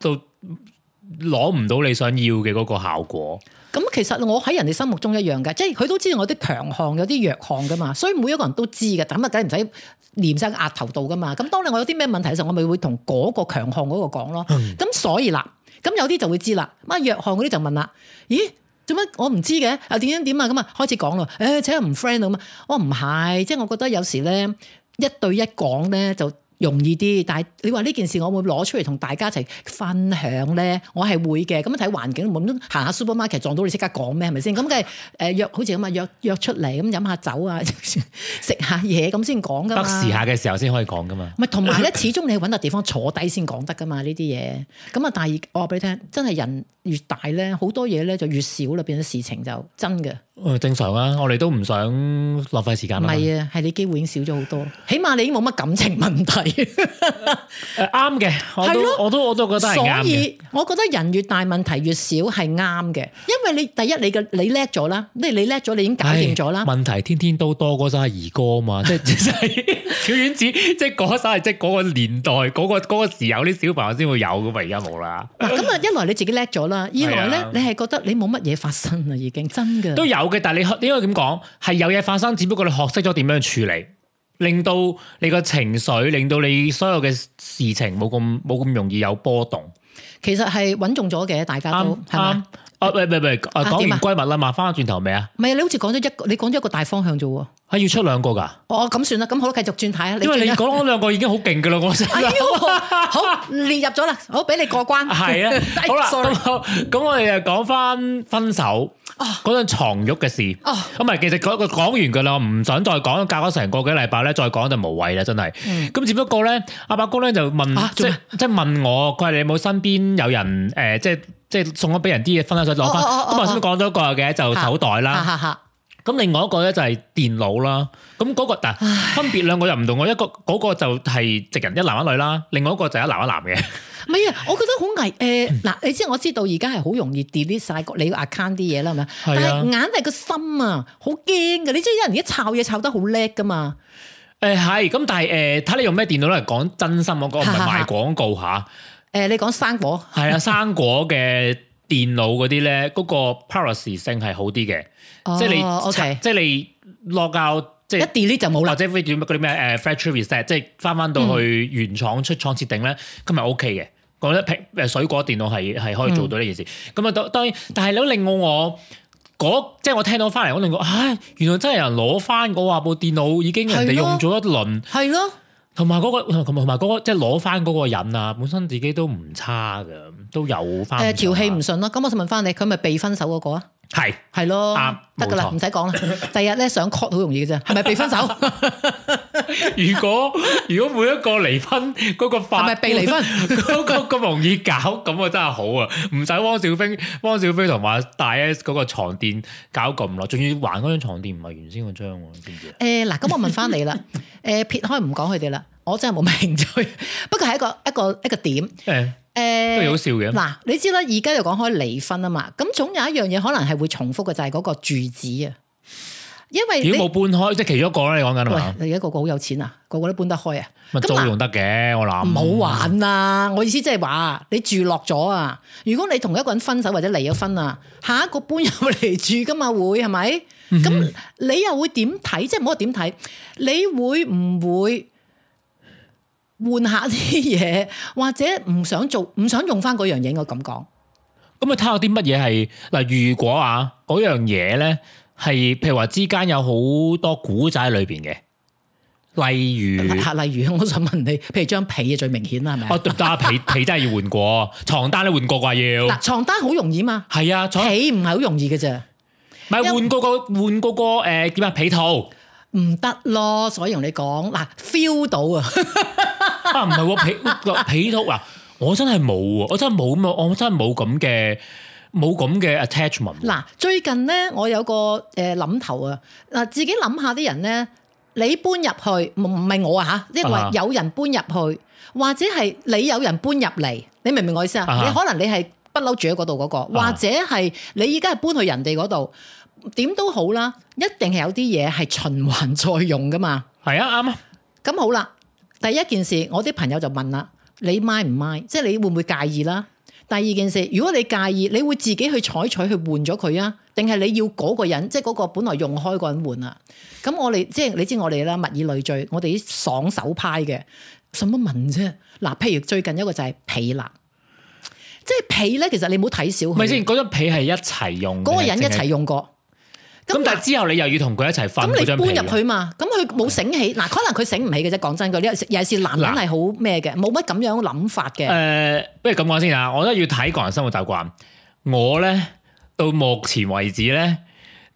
都攞唔到你想要嘅嗰個效果。咁其實我喺人哋心目中一樣嘅，即係佢都知道我啲強項有啲弱項噶嘛，所以每一個人都知嘅，咁啊，梗唔使黏晒個額頭度噶嘛。咁當我有啲咩問題嘅時候，我咪會同嗰個強項嗰個講咯。咁、嗯、所以啦，咁有啲就會知啦。咁弱項嗰啲就問啦，咦，做乜我唔知嘅？啊點樣點啊咁啊，開始講咯。誒、哎，請唔 friend 啊嘛。我唔係，即係我覺得有時咧一對一講咧就，容易啲，但係你話呢件事我會攞出嚟同大家一齊分享咧，我係會嘅。咁睇環境冇咁多，行下 supermarket 撞到你即刻講咩係咪先？咁嘅誒約好似咁啊，約約，約出嚟咁飲下酒啊，食下嘢咁先講噶嘛。得時下嘅時候先可以講噶嘛。唔係同埋咧，始終你係搵個地方坐低先講得噶嘛呢啲嘢。咁啊，但係我話俾你聽，真係人越大咧，好多嘢咧就越少啦，變咗事情就真嘅。正常啊，我哋都唔想浪費時間啊。係啊，係你機會已經少咗好多，起碼你已經冇乜感情問題。啱嘅，係咯、 呃，我都的我都覺得係啱嘅。所以，我覺得人越大問題越少係啱嘅，因為你第一你嘅你叻咗啦，即係你叻咗，你已經解決咗啦、哎。問題天天都多嗰啲兒歌啊嘛， 即係小丸子，即係嗰啲，即係嗰個年代嗰、嗰個嗰時候啲小朋友先會有噶嘛，而家冇啦。嗱，咁啊，一來你自己叻咗啦，二來咧，的你係覺得你冇乜嘢發生啦，已經真嘅都有嘅，但係你應該咁講係有嘢發生，只不過你學識咗點樣處理。令到你個情緒，令到你所有嘅事情冇咁冇咁容易有波動。其實係穩重咗嘅，大家都係咪？啊，唔唔唔，講完閨蜜啦嘛，翻返轉頭未啊？唔係，你好似講咗一，你講咗一個大方向啫喎。係要出兩個㗎。哦，咁算啦，咁好繼續轉睇啊。因為你講嗰兩個已經好勁㗎啦，我覺得。哎呀，好列入咗啦，好俾你過關。係啊，好啦，咁我哋又講翻分手。嗰陣牀褥嘅事，咁咪、啊、其實嗰個講完噶啦，唔想再講，隔咗成個幾禮拜咧，再講就無謂啦，真係。咁、嗯、只不過咧，阿伯哥咧就問，即、啊、即問我，佢話你有冇身邊有人誒、呃，即即送咗俾人啲嘢分享咗攞翻。咁我先講咗一個嘅，啊啊、就手袋啦。啊啊啊咁另外一個咧就係電腦啦，咁嗰、嗰個分別兩個又唔同我唉 一個嗰個就係直人一男一女啦，另外一個就一男一男嘅。唔係啊，我覺得好危誒嗱，你知我知道而家係好容易 delete 曬你個 account 啲嘢啦，係咪、係啊？但係眼係個心啊，好驚㗎。你知有人一抄嘢抄得好叻㗎嘛？誒係，咁但係誒睇你用咩電腦咧？講真心我講唔係賣廣告吓。誒你講生果。係啊，生 果嘅。電腦嗰啲咧，嗰個 privacy 性係好啲嘅，即係你白即係你 log out 即係一 delete 就冇啦，或者或者啲咩誒 factory reset 即係翻翻到去原廠出廠設定咧，咁日 O K 嘅。我覺得蘋誒水果電腦係係可以做到呢件事。咁啊、嗯，當然，但係你都令到我嗰即係我聽到翻嚟，我令我唉，原來真係有人攞翻嗰部電腦已經人哋用咗一輪，係咯。同埋嗰個，同埋同埋嗰個，即係攞翻嗰個人啊，本身自己都唔差嘅，都有翻、啊。誒、欸、條氣唔順咯、啊，咁、嗯、我想問翻你，佢咪被分手嗰個啊？係係咯，得㗎啦，唔使講啦。第日咧上 cut 好容易嘅啫，係咪被分手？ 如果如果每一個離婚嗰、那個法係咪被離婚嗰個、那個咁容易搞咁啊，真係好啊！唔使汪小菲，汪小菲同埋大 S 嗰個床墊搞咁耐，仲要還嗰張床墊唔係原先嗰張喎，知唔知？誒嗱、欸，咁我問翻你啦，誒 撇開唔講佢哋啦，我真係冇咩興趣， 不過係一個一個一個點。嗯都好、欸、笑嘅嗱，你知啦，而家又講開離婚啊嘛，咁總有一樣嘢可能係會重複嘅，就係、是、嗰個住址啊，因為如果冇搬開，即係其中一個咧，你講緊係嘛？而家個個好有錢啊，個個都搬得開啊，咁租用得嘅，我諗唔好玩啦。我意思即係話，你住落咗啊，如果你同一個人分手或者離咗婚啊，下一個搬入嚟住噶嘛，會係咪？咁、嗯、哼你又會點睇？即係唔好話點睇，你會唔會？換下啲嘢，或者唔想做，唔想用翻嗰樣嘢，我咁講。咁啊、嗯，睇下啲乜嘢係嗱？如果啊，嗰樣嘢咧係，譬如話之間有好多古仔喺裏邊嘅，例如啊，例如我想問你，譬如張被嘅最明顯喇，係咪？啊，但係被被真係要， 要換過，床單咧換過啩要。嗱，床單好容易嘛。係啊，床，被唔係好容易嘅啫。咪換個換個換個個誒點啊被套？唔得咯，所以同你講嗱，feel 到啊。 啊，唔係個被套啊！我真係冇，我真係冇咁，我真係冇咁嘅冇咁嘅 attachment。嗱，最近咧，我有個誒諗頭啊！嗱，自己諗下啲人咧，你搬入去唔唔係我啊吓，因為有人搬入去，或者係你有人搬入嚟，你明唔明我意思啊？Uh huh. 你可能你係不嬲住喺嗰度嗰個，或者係你而家係搬去人哋嗰度，點都好啦，一定係有啲嘢係循環再用噶嘛。係啊，啱啊。咁好啦。第一件事，我啲朋友就問啦：你買唔買？即係你會唔會介意啦？第二件事，如果你介意，你會自己去採取去換咗佢啊？定係你要嗰個人，即係嗰個本來用開個人換啊？咁我哋即係你知我哋啦，物以類聚，我哋啲爽手派嘅，使乜問啫？嗱，譬如最近一個就係被喇，即係被咧，其實你冇睇少，佢。咪先嗰張被係一齊用，嗰人一齊用過。咁但係之後你又要同佢一齊瞓，咁你搬入去嘛？咁佢冇醒起，嗱是可能佢醒唔起嘅啫。講真句，尤其是男人係好咩嘅，冇乜咁樣諗法嘅。誒、呃，不如咁講先吓，我都要睇個人生活習慣。我咧到目前為止咧，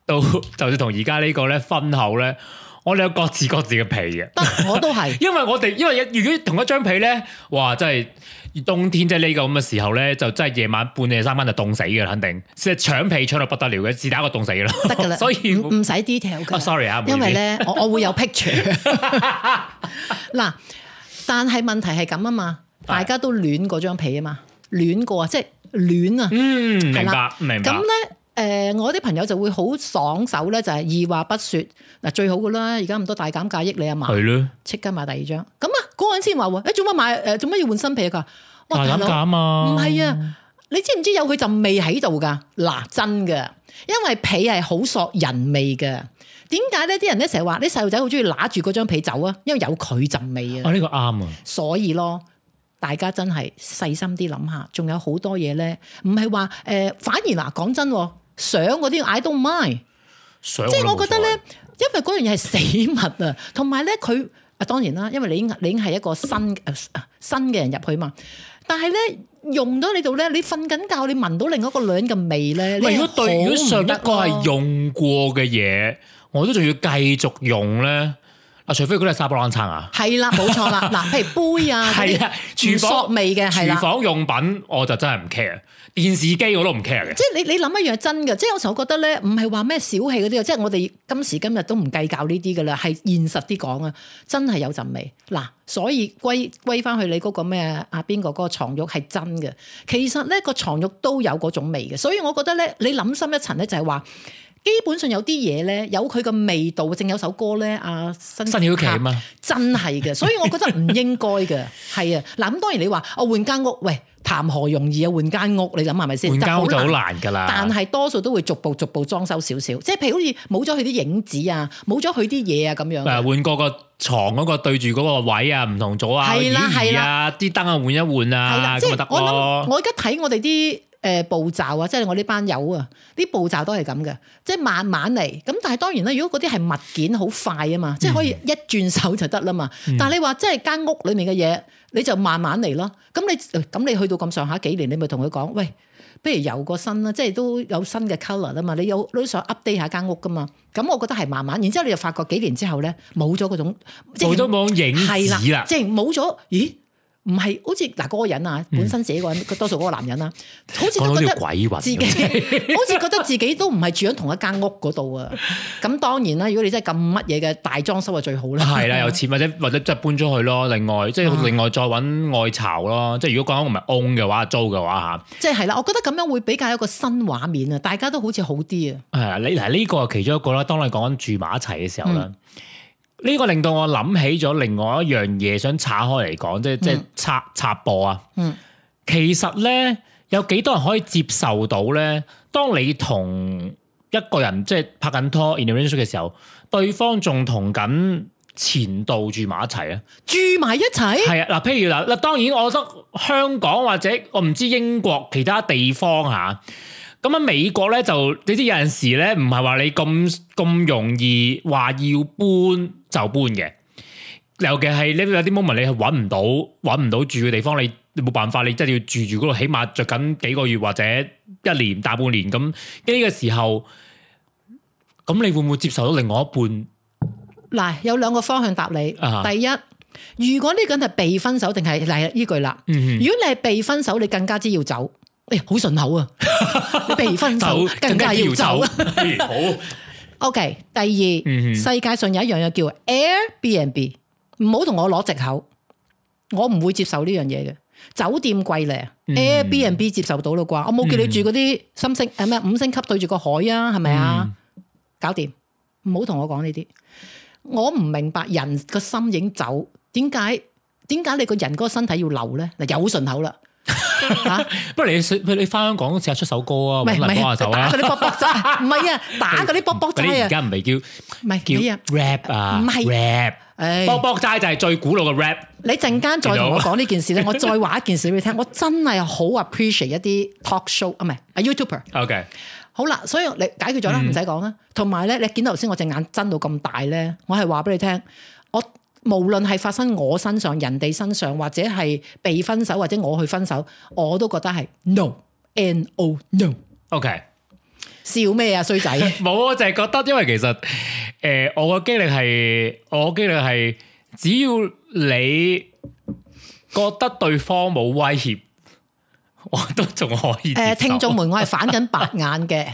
到就算同而家呢個咧分手後咧，我哋有各自各自嘅被嘅、嗯。我都係， 因為我哋因為如果同一張被咧，哇！真係～而冬天即係呢個咁嘅時候咧，就真係夜晚半夜三更就凍死㗎喇，肯定即係搶被搶到不得了嘅，自打個凍死嘅啦，得㗎啦。 所以唔使 detail。啊、哦、sorry 啊，因為咧 我我會有 picture。嗱， 但係問題係咁啊嘛，大家都暖過張被啊嘛，暖過即係暖啊。嗯，明白明白。咁咧啦。誒、呃，我啲朋友就會好爽手咧，就係、是、二話不說嗱，最好噶啦！而家咁多大減價，益你阿嘛？係咯的，即刻買第二張咁、欸、啊！嗰陣先話做乜買誒？做乜要換新被啊？佢大減價啊嘛，唔係啊！你知唔知有佢浸味喺度噶？嗱、啊，真嘅，因為被係好索人味嘅。點解咧？啲人咧成日話啲細路仔好中意揦住嗰張被走啊，因為有佢浸味啊！啊、這個，呢個啱啊！所以咯，大家真係細心啲諗下，仲有好多嘢咧，唔係話誒，反而嗱，講真。想嗰啲 I don't mind，我即係我覺得咧，因為嗰樣嘢係死物啊，同埋咧佢啊，當然啦，因為你已經你已經係一個新、嗯、新嘅人入去嘛，但係咧用咗你度咧，你瞓緊覺你聞到另一個女人嘅味咧，你如果對，如果上一個係用過嘅嘢，我都仲要繼續用咧。啊！除非佢係沙煲罌罉啊，係啦，冇錯啦。嗱，譬如杯啊，啊 的，廚房味嘅，的廚房用品我就真係唔 care。電視機我都唔 care 嘅。即係你你諗一樣係真嘅，即係有時候我覺得咧，唔係話咩小氣嗰啲，即係我哋今時今日都唔計較呢啲噶啦，係現實啲講啊，真係有陣味。嗱，所以歸歸翻去你嗰個咩啊，邊個嗰、嗰個床褥係真嘅，其實咧個床褥都有嗰種味嘅。所以我覺得咧，你諗深一層咧，就係話。基本上有啲嘢咧，有佢嘅味道。正有首歌咧，阿辛辛曉琪啊嘛，真係嘅。所以我覺得唔應該嘅，係啊。嗱，咁，當然你話我換間屋，喂，談何容易啊？換間屋，你諗係咪先？換間屋就好難㗎喇。但係多數都會逐步逐步裝修少少，即係譬如好似冇咗佢啲影子啊，冇咗佢啲嘢啊，咁樣。誒，換過個床嗰個對住嗰個位啊，唔同咗啊，移啊的，啲燈啊換一換啊，咁啊得咯。的我諗想，我而家睇我哋啲。誒步驟啊，即係我呢班友啊，啲步驟都係咁嘅，即係慢慢嚟。咁但係當然啦，如果嗰啲係物件好快啊嘛，嗯、即係可以一轉手就得啦嘛。嗯、但係你話即係間屋裏面嘅嘢，你就慢慢嚟咯。咁你咁你去到咁上下幾年，你咪同佢講，喂，不如油個新啦，即係都有新嘅 color 啊嘛。你有都想 update 下間屋噶嘛？咁我覺得係慢慢。然之後你就發覺幾年之後咧，冇咗嗰種即係冇咗網影，係啦，即係冇咗咦？唔係好似嗱嗰個人啊，本身自己個人，佢、嗯、多數嗰個男人啦，好似都覺得自己， 好似覺得自己都唔係住喺同一間屋嗰度啊。咁當然啦，如果你真係咁乜嘢嘅大裝修啊，最好啦。係啦、嗯，有錢 或者或者即係搬咗去咯。另外即係、就是、另外再揾外巢咯。即係、啊、如果講唔係 own 嘅話，租嘅話吓，即係係啦，我覺得咁樣會比較一個新畫面啊，大家都好似好啲啊。係啊，你嗱呢個係其中一個啦。當你講住埋一齊嘅時候啦。嗯呢個令到我諗起咗另外一樣嘢，想拆開嚟講，即即插插播啊！嗯、其實咧，有幾多人可以接受到咧？當你同一個人即係拍緊拖 in 嘅時候，對方仲同緊前度住埋一齊啊，住埋一齊。係啊，嗱，譬如嗱，嗱，當然我覺得香港或者我唔知英國其他地方吓。咁啊，美國咧就你知有陣時咧，唔係話你咁咁容易話要搬就搬嘅。尤其係你有啲 moment，你係揾唔到揾唔到住嘅地方，你冇辦法，你真係要住住嗰度，起碼着緊幾個月或者一年大半年咁。呢個時候，咁你會唔會接受到另外一半？嗱，有兩個方向答你。Uh huh. 第一，如果呢個人係被分手定係嚟呢句啦。Mm hmm. 如果你係被分手，你更加之要走。哎，好順口啊！被分手， 更加要走。好 ，OK。第二，嗯、哼世界上有一樣嘢叫 Air B and B，唔好同我攞藉口，我唔會接受呢樣嘢嘅。酒店貴咧，Air B and B 接受到啦啩？我冇叫你住嗰啲三星誒咩五星級對住個海啊？係咪啊？嗯、搞掂，唔好同我講呢啲。我唔明白人個心影走，點解點解你個人嗰個身體要留咧？嗱，又順口啦。吓！不過你想你翻香港試下出首歌啊，揾塊方啊走啊！打嗰啲卜卜齋，唔係啊，打嗰啲卜卜齋啊！而家唔係叫唔係叫 rap 啊，唔係 rap。哎，卜卜齋就係最古老嘅 rap。你陣間再同我講呢件事咧，我再話一件事俾你聽，我真係好 appreciate 一啲 talk show 啊，唔係啊，YouTuber。OK，好啦，所以你解決咗啦，唔使講啦。同埋咧，你見到頭先我隻眼睜到咁大咧，我係話俾你聽。無論係發生我身上、人哋身上，或者係被分手，或者我去分手，我都覺得係 no，no，no。OK，笑咩啊，衰仔？冇，我就係覺得，因為其實誒，我嘅經歷係，我嘅經歷係，只要你覺得對方冇威脅，我都仲可以。誒，聽眾們，我係反緊白眼嘅，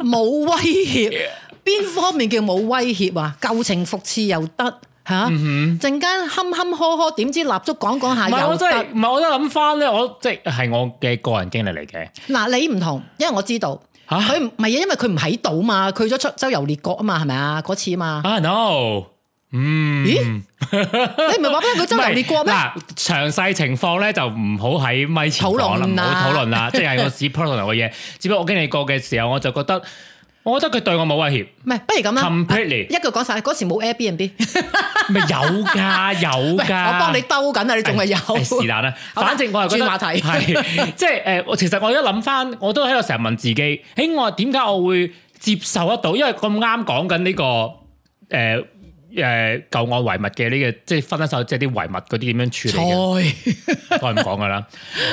冇威脅，邊方面叫冇威脅啊？舊情復熾又得。吓！陣間坎坎坷坷，點、嗯、哼知立足講講下又？真係，唔係我都諗翻咧，我，我，我即係我嘅個人經歷嚟嘅。嗱、啊、你唔同，因為我知道嚇佢唔係啊，因為佢唔喺度嘛，佢去咗出周遊列國啊嘛，係咪啊嗰次啊嘛？啊 no，嗯？咦？你唔係話俾佢周遊列國咩？嗱、啊，詳細情況咧就唔好喺咪前講啦，唔好討論啦，即係我只 personal 嘅嘢。只不過我經歷過嘅時候，我就覺得。我覺得佢對我冇威脅，唔係，不如咁啦，complete，一句講晒，嗰時冇 Airbnb，咪有㗎有㗎，我幫你兜緊啊，你仲係有是但啦，反正我又轉話題，係即係誒，其實我而家諗翻，我都喺度成日問自己，誒我點解我會接受得到？因為咁啱講緊呢個誒誒舊愛遺物嘅呢個，即係分一手即係啲遺物嗰啲點樣處理嘅，再唔講㗎啦。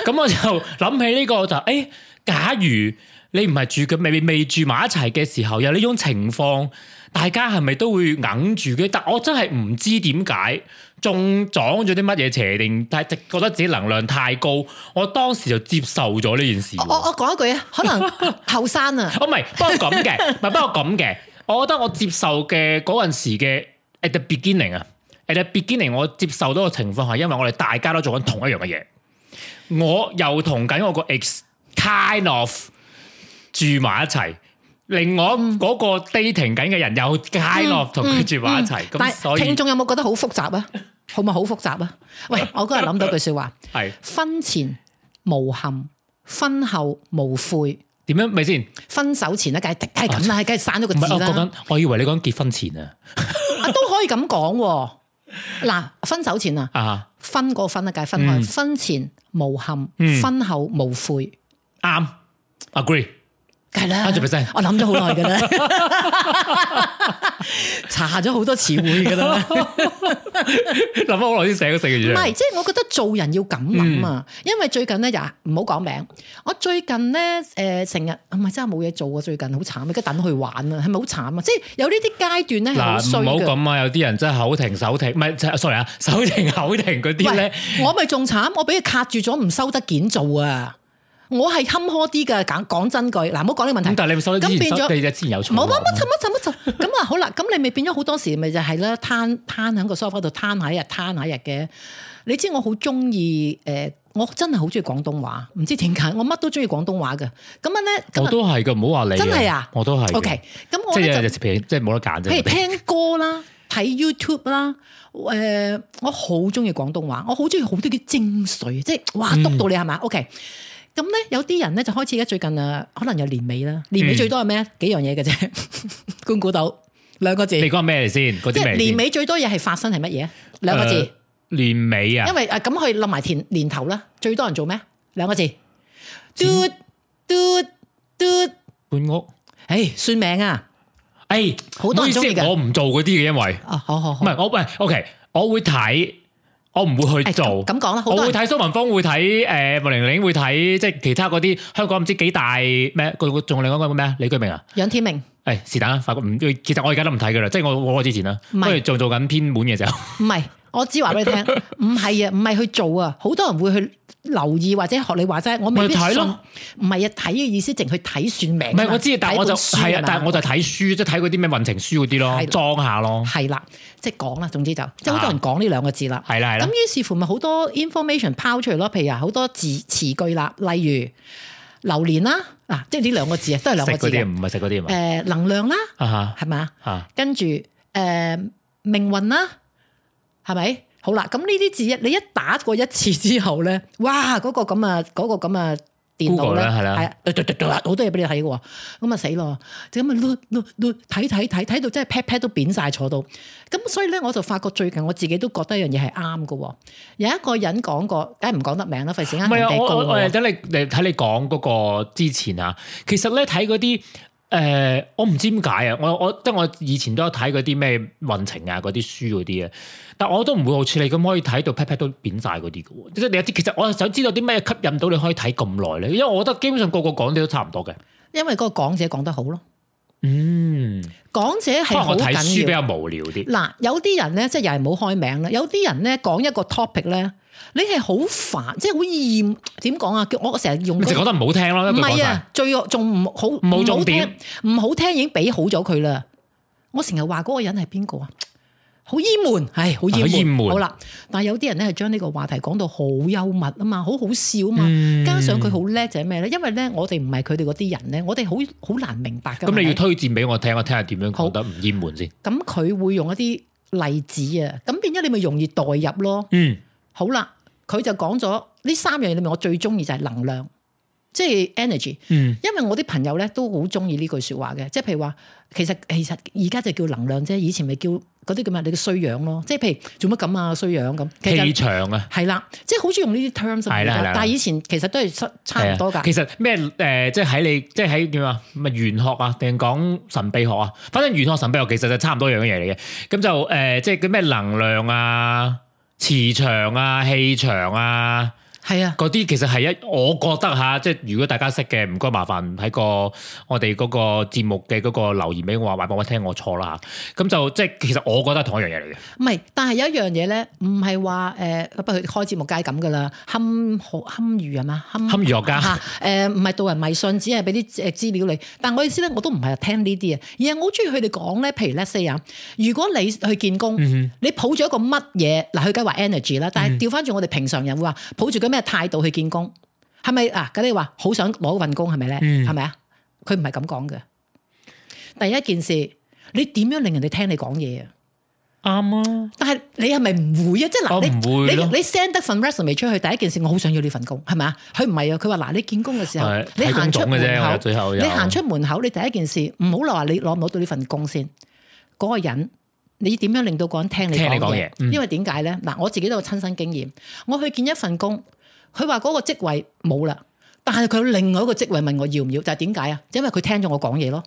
咁我就諗起呢個就誒，假如。你唔係住嘅未未住埋一齊嘅時候，有呢種情況，大家係咪都會硬住嘅？但我真係唔知點解，仲撞咗啲乜嘢邪定？但係直覺得自己能量太高，我當時就接受咗呢件事。我我講一句啊，可能後生啊，我唔係，不過咁嘅，唔係不過咁嘅係不過咁嘅我覺得我接受嘅嗰陣時嘅 at the beginning 啊，at the beginning 我接受到個情況係因為我哋大家都做緊同一樣嘅嘢，我又同緊我個 ex kind of。住埋一齊，令我嗰個 dating 緊嘅人又 high 落同佢住埋一齊。咁但所以，聽眾有冇覺得好複雜啊？好唔好複雜啊？喂，我嗰日諗到句說話，係婚前無憾，婚後無悔。點樣？咪先？分手前一梗係係咁啦，係梗係刪咗個字啦。我以為你講結婚前啊，都可以咁講。嗱，分手前啊，分嗰個分咧，梗係分開。婚前無憾，婚後無悔，啱，agree。係啦，我諗咗好耐噶啦， 查咗好多詞彙噶啦，諗咗好耐先寫咗四樣。唔係，即係我覺得做人要感恩啊，嗯、因為最近咧又唔好講名。我最近咧誒成日唔係、啊、真係冇嘢做啊，最近好慘，而家等去玩啊，係咪好慘啊？即係有呢啲階段咧，係好衰噶。唔好咁啊，有啲人真係口停手停，唔係，sorry 啊，手停口停嗰啲咧，我咪仲慘， 我俾佢卡住咗，唔收得件做啊。我係坎坷啲嘅，講講真句，嗱，唔好講呢個問題。咁但係你咪收得之前收有冇冇乜浸乜浸乜浸。咁啊，好啦，咁你咪變咗好多時，咪就係咧，攤攤喺個 sofa 度，攤下一日，攤下一日嘅。你知我好中意誒，我真係好中意廣東話，唔知點解，我乜都中意廣東話嘅。咁樣咧，我都係嘅，唔好話你。真係啊，我都係。O K，咁我即係即係冇得揀，譬如聽歌啦，睇 YouTube 啦，誒，我好中意廣東話，我好中意好多啲精髓，即係哇，篤到你係嘛？O K。咁咧，有啲人咧就開始而家最近啊，可能又年尾啦。年尾最多係咩？幾樣嘢嘅啫，觀估到兩個字。你講咩嚟先？即係年尾最多嘢係發生係乜嘢啊？兩個字。年尾啊。因為啊，咁去諗埋年年頭啦，最多人做咩？兩個字。嘟嘟嘟搬屋。唉，算命啊！唉，好多人都中意嘅。我唔做嗰啲嘅，因為啊，好好好。唔係，我唔係，OK，我會睇。我唔會去做，欸，咁講啦。我會睇蘇文峰，會睇誒，麥玲玲會睇，即係其他嗰啲香港唔知幾大咩，仲有另外一個咩啊？李居明啊？楊天明，係是但啦，發覺唔，其實我而家都唔睇噶啦，即係我我之前啦，不如做做緊偏門嘅時候，唔係，我只話俾你聽，唔係啊，唔係去做啊，好多人會去。留意或者學你話齋，我未睇必唔係啊睇嘅意思，淨係去睇算命。唔係我知，但我就係啊，但係我就睇書，即係睇嗰啲咩運程書嗰啲咯，裝的下咯。係啦，即係講啦，總之就即係好多人講呢兩個字啦，係啦係啦。咁於是乎咪好多 information 拋出嚟咯，譬如啊好多字詞句啦，例如流年啦，嗱即係呢兩個字啊，都係兩個字。食嗰啲唔係食嗰啲啊。誒、呃，能量啦，係咪？啊？啊啊跟住誒、呃、命運啦，係咪？好啦，咁呢啲字一你一打過一次之後咧，哇！嗰個咁啊嗰個咁啊電腦咧，係啊，好多嘢俾你睇嘅喎，咁啊死咯，咁啊碌碌碌睇睇睇睇到真係 pad pad 都扁晒坐到。咁所以咧，我就發覺最近我自己都覺得一樣嘢係啱嘅。有一個人講過，梗係唔講得名啦，費事啱啱地公啊。唔係啊，我我係等你嚟睇你講嗰個之前啊，其實咧睇嗰啲。誒、呃，我唔知點解啊！我我即係我以前都有睇嗰啲咩運程啊，嗰啲書嗰啲啊，但我都唔會好似你咁可以睇到 pat pat 都扁晒嗰啲嘅喎。即係你有啲，其實我係想知道啲咩吸引到你可以睇咁耐咧？因為我覺得基本上個個講者都差唔多嘅，因為個講者講得好咯。嗯，講者係我睇書比較無聊啲。嗱，有啲人咧，即係又係冇開名咧。有啲人咧，講一個 topic 咧。你係好煩，即係好厭，點講啊？叫我成日用、那個你。一直覺得唔好聽咯，唔係啊，最仲唔好冇好聽。唔好聽已經俾好咗佢啦。我成日話嗰個人係邊個啊？好厭悶，唉，好厭悶，好啦。但係有啲人咧，係將呢個話題講到好幽默啊嘛，好好笑啊嘛。加上佢好叻就係咩咧？因為咧，我哋唔係佢哋嗰啲人咧，我哋好好難明白噶。咁、嗯、你要推薦俾我聽，我聽下點樣講得唔厭悶先。咁佢會用一啲例子啊？咁變咗你咪容易代入咯。嗯。好啦，佢就講咗呢三樣嘢裏面，我最中意就係能量，即係 energy。嗯，因為我啲朋友咧都好中意呢句説話嘅，即係譬如話，其實其實而家就叫能量啫，以前咪叫嗰啲叫咩？你嘅衰樣咯，即係譬如做乜咁長啊，衰樣咁。氣場啊，係啦，即係好中意用呢啲 terms。係啦，但係以前其實都係差唔多㗎。其實咩誒、呃，即係喺你，即係喺叫咩？咪玄學啊，定講神秘學啊？反正玄學、神秘學其實就差唔多一樣嘅嘢嚟嘅。咁就誒、呃，即係叫咩能量啊？磁場啊，氣場啊。係是啊，嗰啲其實係一，我覺得吓、啊，即係如果大家識嘅，唔該麻煩喺個我哋嗰個節目嘅嗰個留言俾我話，或者我聽我錯啦咁、啊、就即係其實我覺得同一樣嘢嚟嘅。唔係，但係有一樣嘢咧，唔係話誒，不過、呃、開節目皆咁噶啦，堪堪譽係嘛，堪譽作家嚇唔係道人迷信，只係俾啲誒資料你。但我意思咧，我都唔係聽呢啲嘅，而係我好中意佢哋講咧。譬如咧四 a 啊，如果你去建工，嗯、哼你抱咗一個乜嘢？嗱，佢梗係 energy 啦，但係調翻轉我哋平常人會話抱住個嘅態度去見工，係咪嗱？嗰啲話好想攞份工，係咪咧？係咪啊？佢唔係咁講嘅。第一件事，你點樣令人哋聽你講嘢啊？啱啊！但係你係咪唔會啊？即係嗱，你你 send 得份 resume 出去，第一件事我好想要呢份工，係咪啊？佢唔係啊，佢話嗱，你見工嘅時候，你行出門口，最後你行出門口，你第一件事唔好話你攞唔攞到呢份工先。嗰個人，你點樣令到個人聽你講嘢？因為點解咧？嗱，我自己都有親身經驗，我去見一份工。佢話嗰個職位冇啦，但係佢有另外一個職位問我要唔要。就係點解啊？因為佢聽咗我講嘢咯。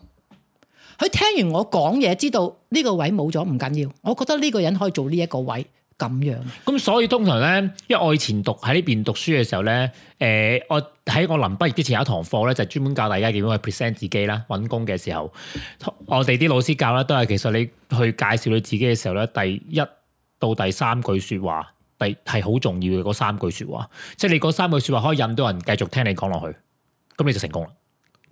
佢聽完我講嘢，知道呢個位冇咗唔緊要。我覺得呢個人可以做呢一個位咁樣。咁所以通常咧，因為我以前讀喺呢邊讀書嘅時候咧，誒、呃，我喺我臨畢業之前有一堂課咧，就專、是、門教大家點樣去 present 自己啦。揾工嘅時候，我哋啲老師教啦，都係，其實你去介紹你自己嘅時候咧，第一到第三句說話第係好重要嘅嗰三句説話，即係你嗰三句説話可以引到人繼續聽你講落去，咁你就成功啦，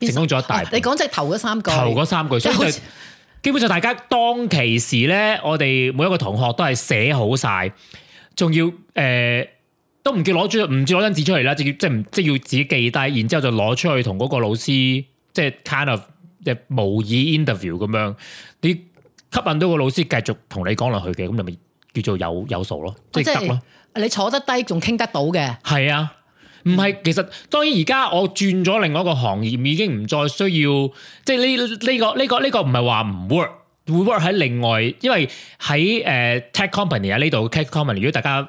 成，成功咗一大半，啊。你講即係頭嗰三句，頭嗰三句，所以就基本上大家當其時咧，我哋每一個同學都係寫好晒，仲要誒、呃、都唔叫攞張唔止攞張紙出嚟啦，即係即唔即要自己記低，然之後就攞出去同嗰個老師即係 kind of 嘅模擬 interview 咁樣，你吸引到個老師繼續同你講落去嘅，咁你咪。叫做有有數咯，即係得咯。吧。你坐得低仲傾得到嘅。係啊，唔係其實當然而家我轉咗另外一個行業，已經唔再需要即係呢呢個呢個呢個唔係話唔 work，會 work 喺另外，因為喺誒、呃、tech company 啊，呢度 tech company 如果大家。